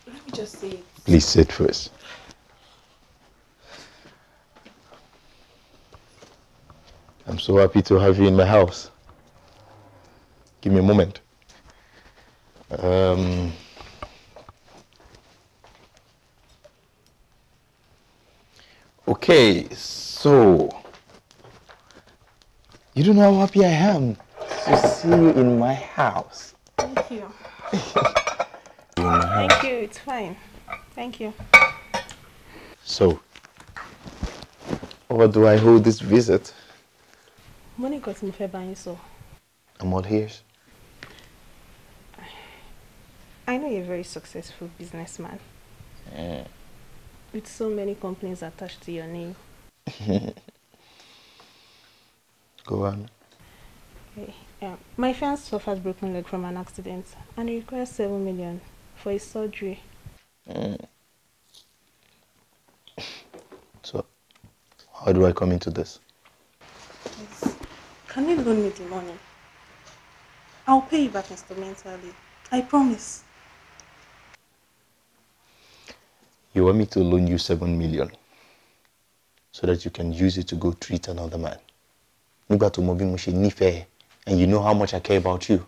Let me just say it. Please sit first. I'm so happy to have you in my house. Give me a moment. Um, okay, so you don't know how happy I am to see you in my house. Thank you. Thank you, it's fine. Thank you. So, what do I hold this visit? Money got me fair buying so. I'm all ears. I know you're a very successful businessman. Yeah. With so many companies attached to your name. Go on. Okay. Yeah. My friend suffered broken leg from an accident and he requires 7 million for his surgery. Mm. So, how do I come into this? Yes. Can you loan me the money? I'll pay you back instrumentally. I promise. You want me to loan you 7 million so that you can use it to go treat another man. Nígbà tó mọ bí mo ṣe and you know how much I care about you.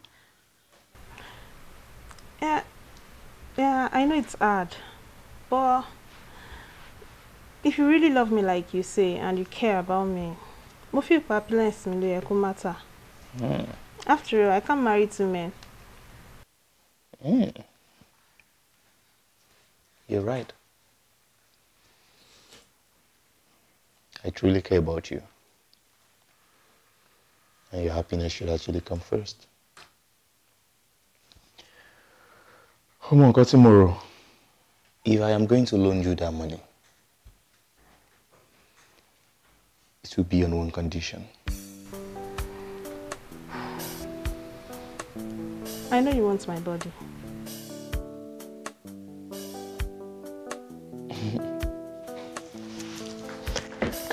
Yeah, yeah, I know it's hard, but if you really love me like you say and you care about me, mo feel happiness mi ló matter. Hmm. After all, I can't marry two men. Mm. You're right. I truly care about you. And your happiness should actually come first. Come on, tí tomorrow. If I am going to loan you that money, it will be on one condition. I know you want my body.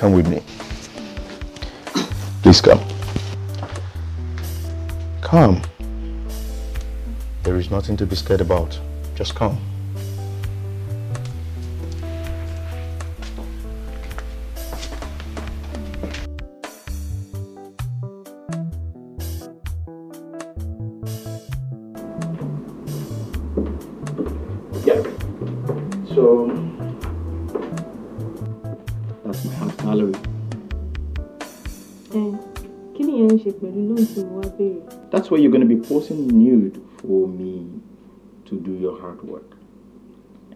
Come with me. Please come. Come. There is nothing to be scared about. Just come. Post nude for me to do your hard work.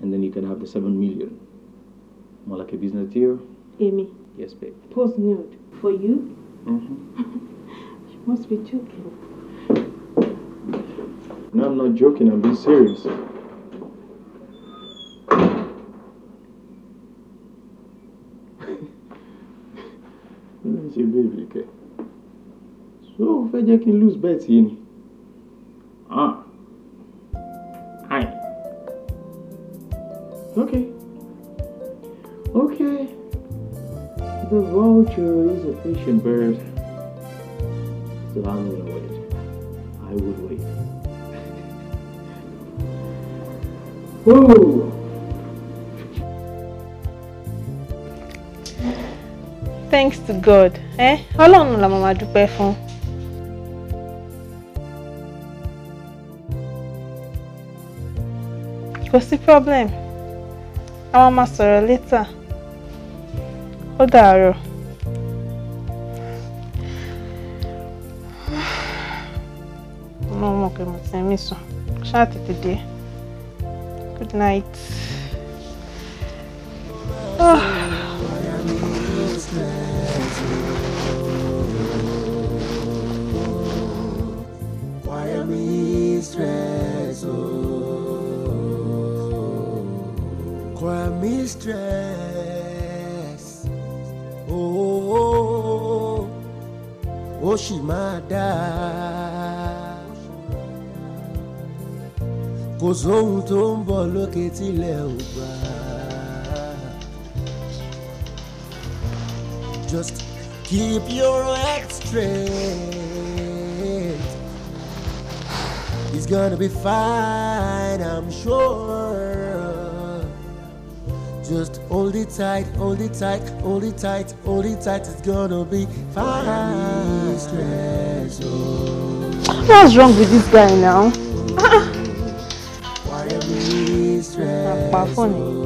And then you can have the seven million. More like a business deal. Amy. Yes, babe. Post nude for you? Mm-hmm. she must be joking. No, I'm not joking. I'm being serious. Let us see, baby. Okay. So, if I can lose bets, you Huh? Ah. Hi. Okay. Okay. The vulture is a patient bird. So I'm gonna wait. I would wait. Whoa! Thanks to God. Eh? How long will la màmá dúpẹ́ fún. What's the problem a máa máa sọ̀rọ̀ létà ó dàárọ̀. mo mọ̀ pé mo ti mí sùn ṣáà tètè dé good night. Oh. distress. Oh, oh, oh, oh she might die. kò sóhun tó ń bọ̀ lókè Just keep your head straight. It's gonna be fine, I'm sure. Just hold it tight, hold it tight, hold it tight, hold it tight. It's gonna be fine. What's wrong with this guy now? Apá fone.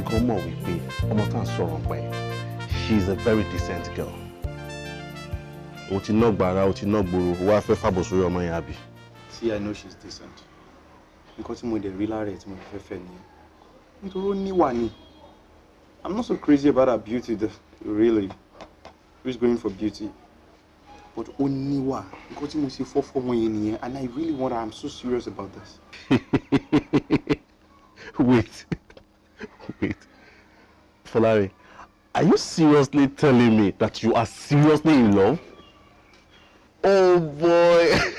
èmi kan mọ̀ wípé ọmọ tá à ń sọ̀rọ̀ pẹ́ she is a very decent girl o ti ná gbàrà o ti ná gbòòrò o wá fẹ́ fàbọ̀ sórí ọmọ yẹn àbí. see i know she is decent nǹkan tí mo dẹ̀ rí lára ẹ̀ tí mo fẹ́ fẹ́ nìyẹn nítorí ó níwà ni i'm not so crazy about her beauty though, really who's going for beauty but ó níwà nǹkan tí mo ṣe fọ́ fọ́mọ yẹn nìyẹn and i really want her i'm so serious about this. wait. Wait. Folari, are you seriously telling me that you are seriously in love? Oh boy.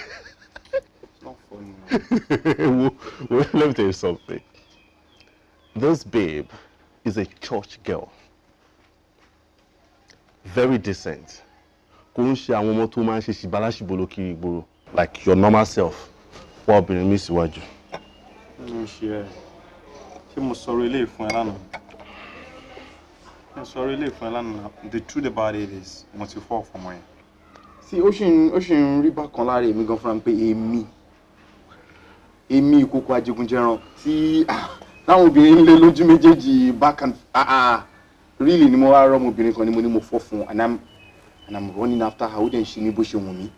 It's not funny. well, well, let me tell you something. This babe is a church girl. Very decent. Like your normal self. Wọ́n obìnrin mi síwájú. Mo ṣe ẹ̀ ṣé mo sọ̀rọ̀ eléyìí fún ẹ lánàá mo sọ̀rọ̀ eléyìí fún ẹ lánàá the truth about it is mo ti fọ́ ọ̀fọ̀mọ yẹn. sí ó ṣì ń ó ṣì ń rí bákan lára èmi gan fúnra mi pé èmi èmi ìkókó ajégunjẹran tí táwọn ah, obìnrin ń lé lójú méjèèjì back and ah, ah, really ni mo wá rọ́ ọmọbìnrin kan ni mo ní mo fọ́ fún and i'm and i'm running after her ó dẹ̀ ń ṣe mí bó ṣe wù mí.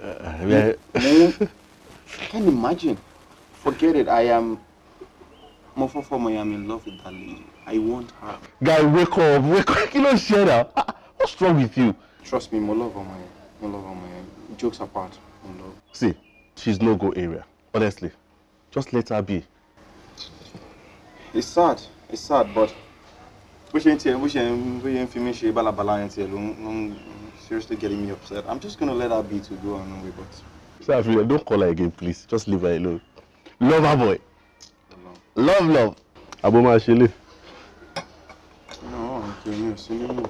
I eh, eh, can imagine forget it i am. Um, mo fún fọmọ ya mi love with that lady i want her. guy wake up wake up kí ló ń ṣe ẹ́ náà ah, what's wrong with you. trust me mo love ọmọ yẹn mo love ọmọ yẹn jokes apart mo love. see she's no go area honestly just let her be. it's sad it's sad but bó ṣe ń tiẹ̀ bó ṣe ń bó ṣe ń fi mí ṣe bálabàla yẹn tiẹ̀ ló ń seriously getting me upset i'm just gonna let her be to go her own way but. sir so, don't call her again please just leave her alone love her boy love love. àbó máa ṣe lè. náà kì í ní ìsinmi mọ́.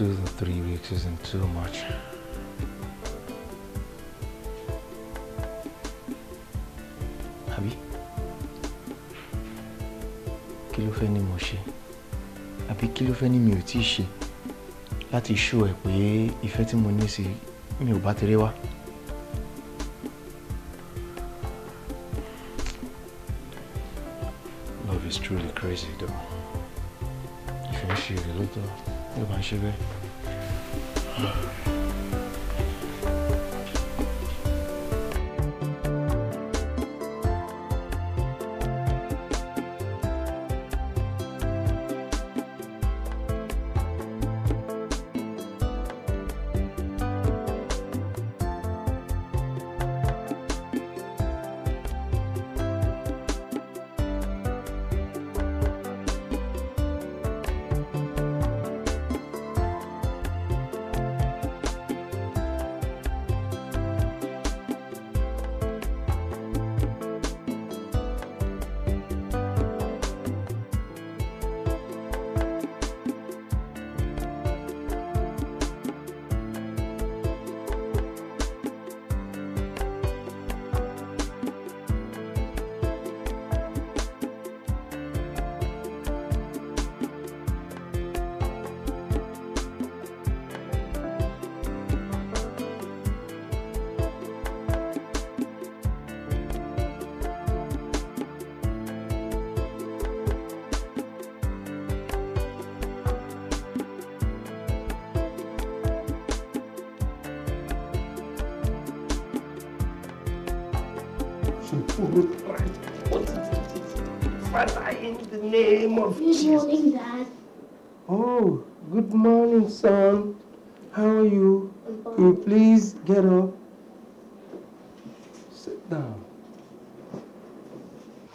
two to three weeks isn't too much. Àbí? Kí ló fẹ́ ni mo ṣe? mi ò tíì ṣe? Láti ṣó ẹ̀ pé mo ní mi ò bá tẹ̀lé Love is truly crazy though. Ìfẹ́ ń ṣe èrè little ló máa ń ṣe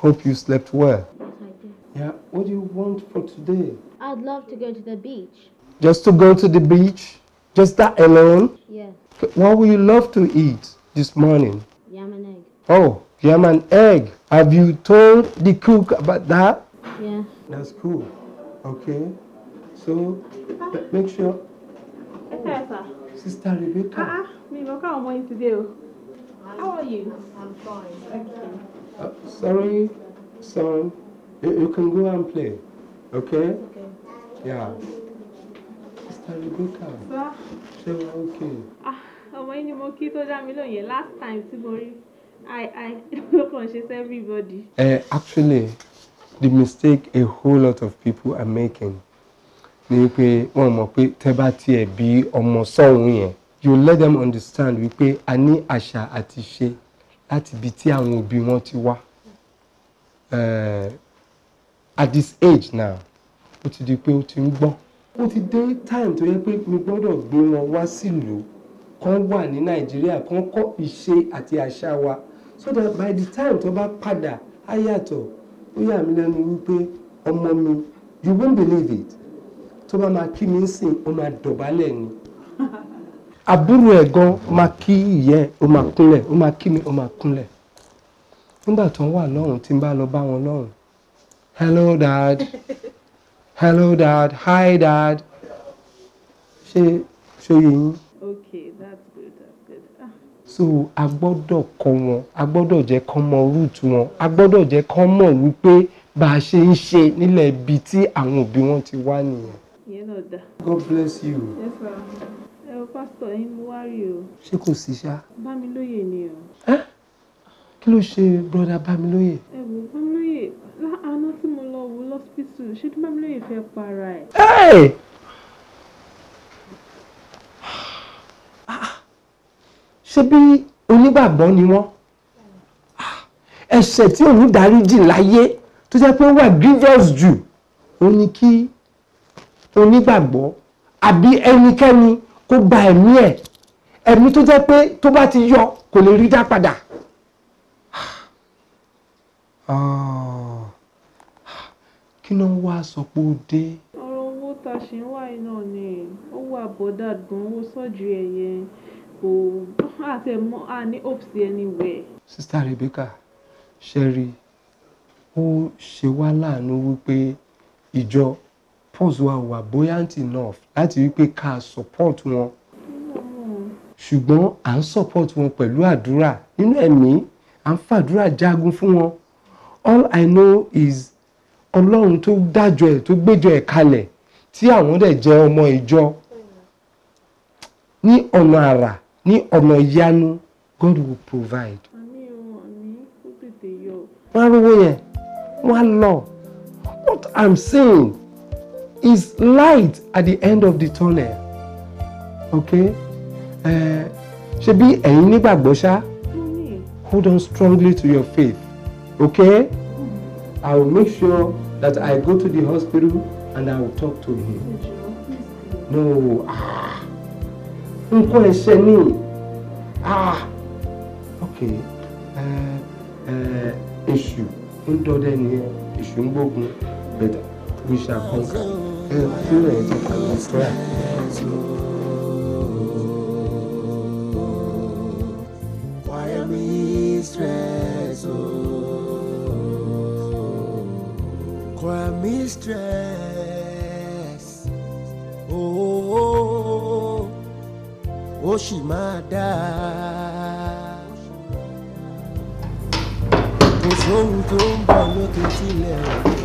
Hope you slept well. Yes, I did. Yeah, what do you want for today? I'd love to go to the beach. Just to go to the beach? Just that alone? Yes. What would you love to eat this morning? Yam and egg. Oh, yam and egg. Have you told the cook about that? Yeah. That's cool. Okay. So, make sure. Oh. Sister Rebecca. Uh-uh. How are you? I'm fine. you. Uh, sorry, sorry. You, you, can go and play. Okay? Okay. Yeah. Sister Rebecca. Sir. Ṣé okay? Ah, ọmọ yìí ni mo kí tó dá mi lóye last time tí mo rí. I I ló kàn ṣe everybody. Uh, actually, the mistake a whole lot of people are making ni pé wọ́n mọ̀ pé tẹ́ bá tiẹ̀ bí ọmọ sọ̀hún yẹn you let them understand wípé a ní àṣà àti ṣe láti ibi tí àwọn òbí wọn ti wá eh, at this age now ó ti di pé ó ti ń gbọ́n ó ti dé time tó yẹ pé mi gbọ́dọ̀ gbé wọn wá sílùú kan wà ní nàìjíríà kan kọ́ ìṣe àti àṣà wa so that by the time tó bá padà á yàtọ̀ ó yà mí lẹ́nu wípé ọmọ mi you won't believe it tó bá máa kí mi ń sìn ó máa ni. àbúrò ẹ̀ gan máa kí ìyẹn ó máa kúnlẹ̀ ó máa kí mi ó máa kúnlẹ̀ nígbà tó ń wà lọ́run tí n bá lọ bá wọn lọ́run hello dad hello dad hi dad ṣé ṣé o okay that's good that's good. Ah. so a gbọ́dọ̀ kọ́ wọn a gbọ́dọ̀ jẹ́ kọ́ mọ root wọn a gbọ́dọ̀ jẹ́ kọ́ mọ̀ wípé bá a ṣe ń ṣe nílẹ̀ ibi tí àwọn òbí wọn ti wá nìyẹn. God bless you. Yes, ọ̀rọ̀ pásítọ̀ yín mo wá rí o. ṣé kò sí ṣá. bámilóye ni o. ẹ kí ló ṣe broda bámilóye. ẹ wò bámilóye láàánú tí mo lọ wò lọ́sibítù ṣé bámilóye fẹ́ para ẹ̀. ẹ́ẹ̀. ṣé bí onígbàgbọ́ ni wọ́n ẹ̀ṣẹ̀ tí òun dáríjì láyé tó jẹ́ pé ó wà grievous jù ó ní kí onígbàgbọ́ àbí ẹnikẹ́ni kó gba ẹ̀mí ẹ̀ ẹ̀mí tó jẹ́ pé tó bá ti yọ kò lè rí dá padà. Ah. kí ló ń wá sọ pé ó dé. ọ̀rọ̀ owó tá a ṣe ń wá iná ni owó àbọ̀dá gan owó sọ́jú ẹ̀yẹ kò àtẹ̀mọ́ a ní hopes anywhere. sista Rebecca Sherry ó ṣe wá láàánú wípé ìjọ pulse wa wà buoyant enough láti wípé ká support wọn ṣùgbọ́n à ń support wọn pẹ̀lú àdúrà nínú ẹ̀mí à ń fàdúrà jagun fún wọn all I know is ọlọ́run tó dájọ́ ẹ̀ tó gbéjọ́ ẹ̀ kalẹ̀ tí àwọn dẹ̀ jẹ́ ọmọ ìjọ ní ọ̀nà àrà ní ọ̀nà ìyanu God will provide. wọ́n á rówó yẹn wọ́n á lọ what I'm saying is light at the end of the tunnel okay eh, ṣe bí ẹ̀yin nígbàgbọ́ ṣá hold on strongly to your faith okay i will make sure that i go to the hospital and i will talk to him no ah nǹkan ẹ̀ṣẹ̀ ni ah okay eh, eh, èṣù ń dọdẹ nìyẹn èṣù ń gbógun but we shall conquer ẹ fi rẹ̀ ti Oh, síra. Choir mistress, oh, oh, oh, oh, she might die. Kò sóhun tó ń bọ̀ lókè tilẹ̀ òkè.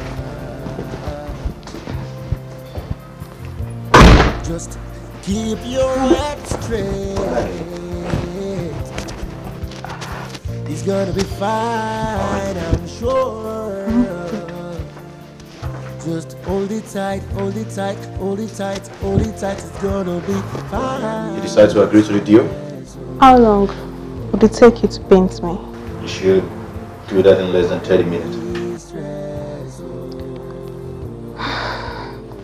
Just keep your head straight. He's gonna be fine, I'm sure. Just hold it tight, hold it tight, hold it tight, hold it tight. It's gonna be fine. You decide to agree to the deal? How long would it take you to paint me? You should do that in less than 30 minutes.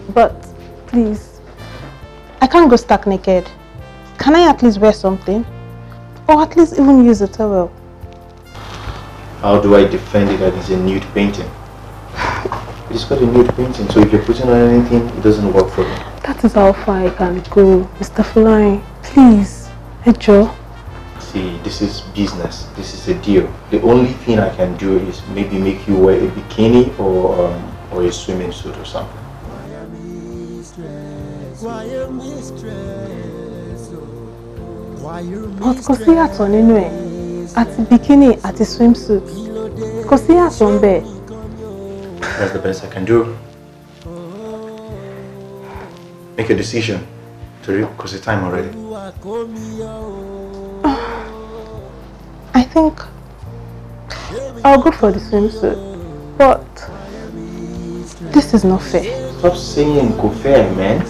but please I can't go stark naked. Can I at least wear something? Or at least even use a towel? How do I defend it that it's a nude painting? It's got a nude painting, so if you're putting on anything, it doesn't work for me. That is how far I can go, Mr. Fulani. Please, Joe. See, this is business. This is a deal. The only thing I can do is maybe make you wear a bikini or, um, or a swimming suit or something. Oh. but kò sí yàtọ̀ nínú ẹ̀ àti bikini àti swimsuit kò sí yàtọ̀ ń That's the best I can do. Make a decision torí Cause the time already. I think I'll go for the swimsuit but this is not fair. Stop saying kò fair, man.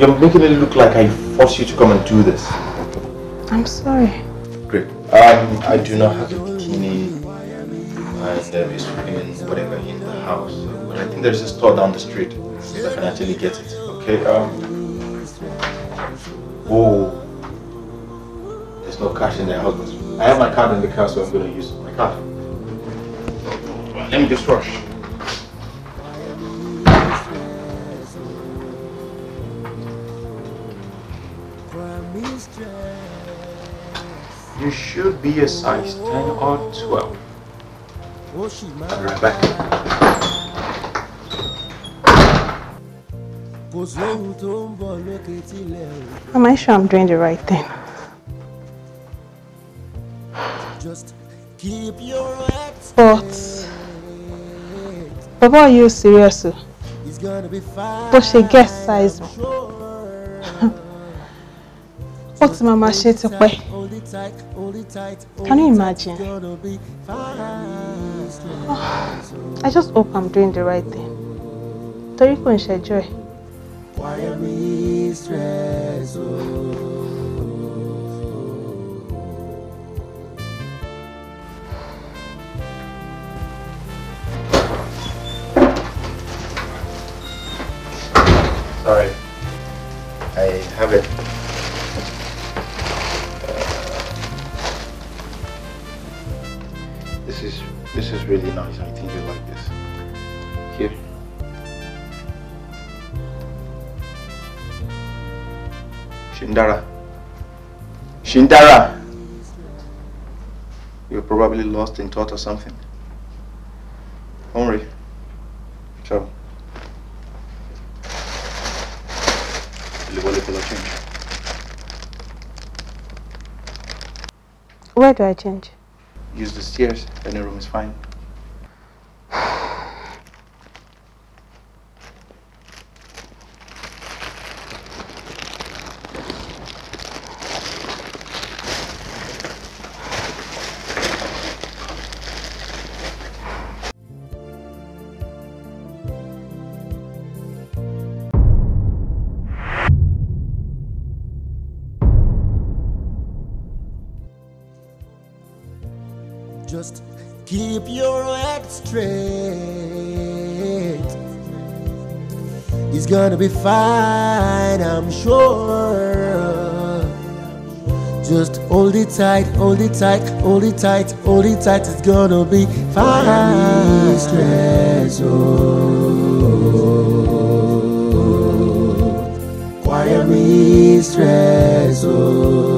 You're making it look like I forced you to come and do this. I'm sorry. Great. Um, I do not have a bikini and there is it's in whatever in the house. But I think there's a store down the street that can actually get it. Okay. Um. Oh. There's no cash in there, husband. I have my card in the car, so I'm going to use my card. Let me just rush. You should be a size 10 or 12. I'm right back. Am I sure I'm doing the right thing? Just keep your but Baba, are you serious? But she gets size. What's Mama she to play? Can you imagine? Oh, I just hope I'm doing the right thing. Torí kò ń ṣẹjọ́ Why am I stressed? Oh, Shindara, you're probably lost in thought or something. Omri, trouble. Where do I change? Use the stairs. Any room is fine. be fine, I'm sure. Just hold it tight, hold it tight, hold it tight, hold it tight. It's gonna be fine. Stress, oh, quiet, me stress, oh.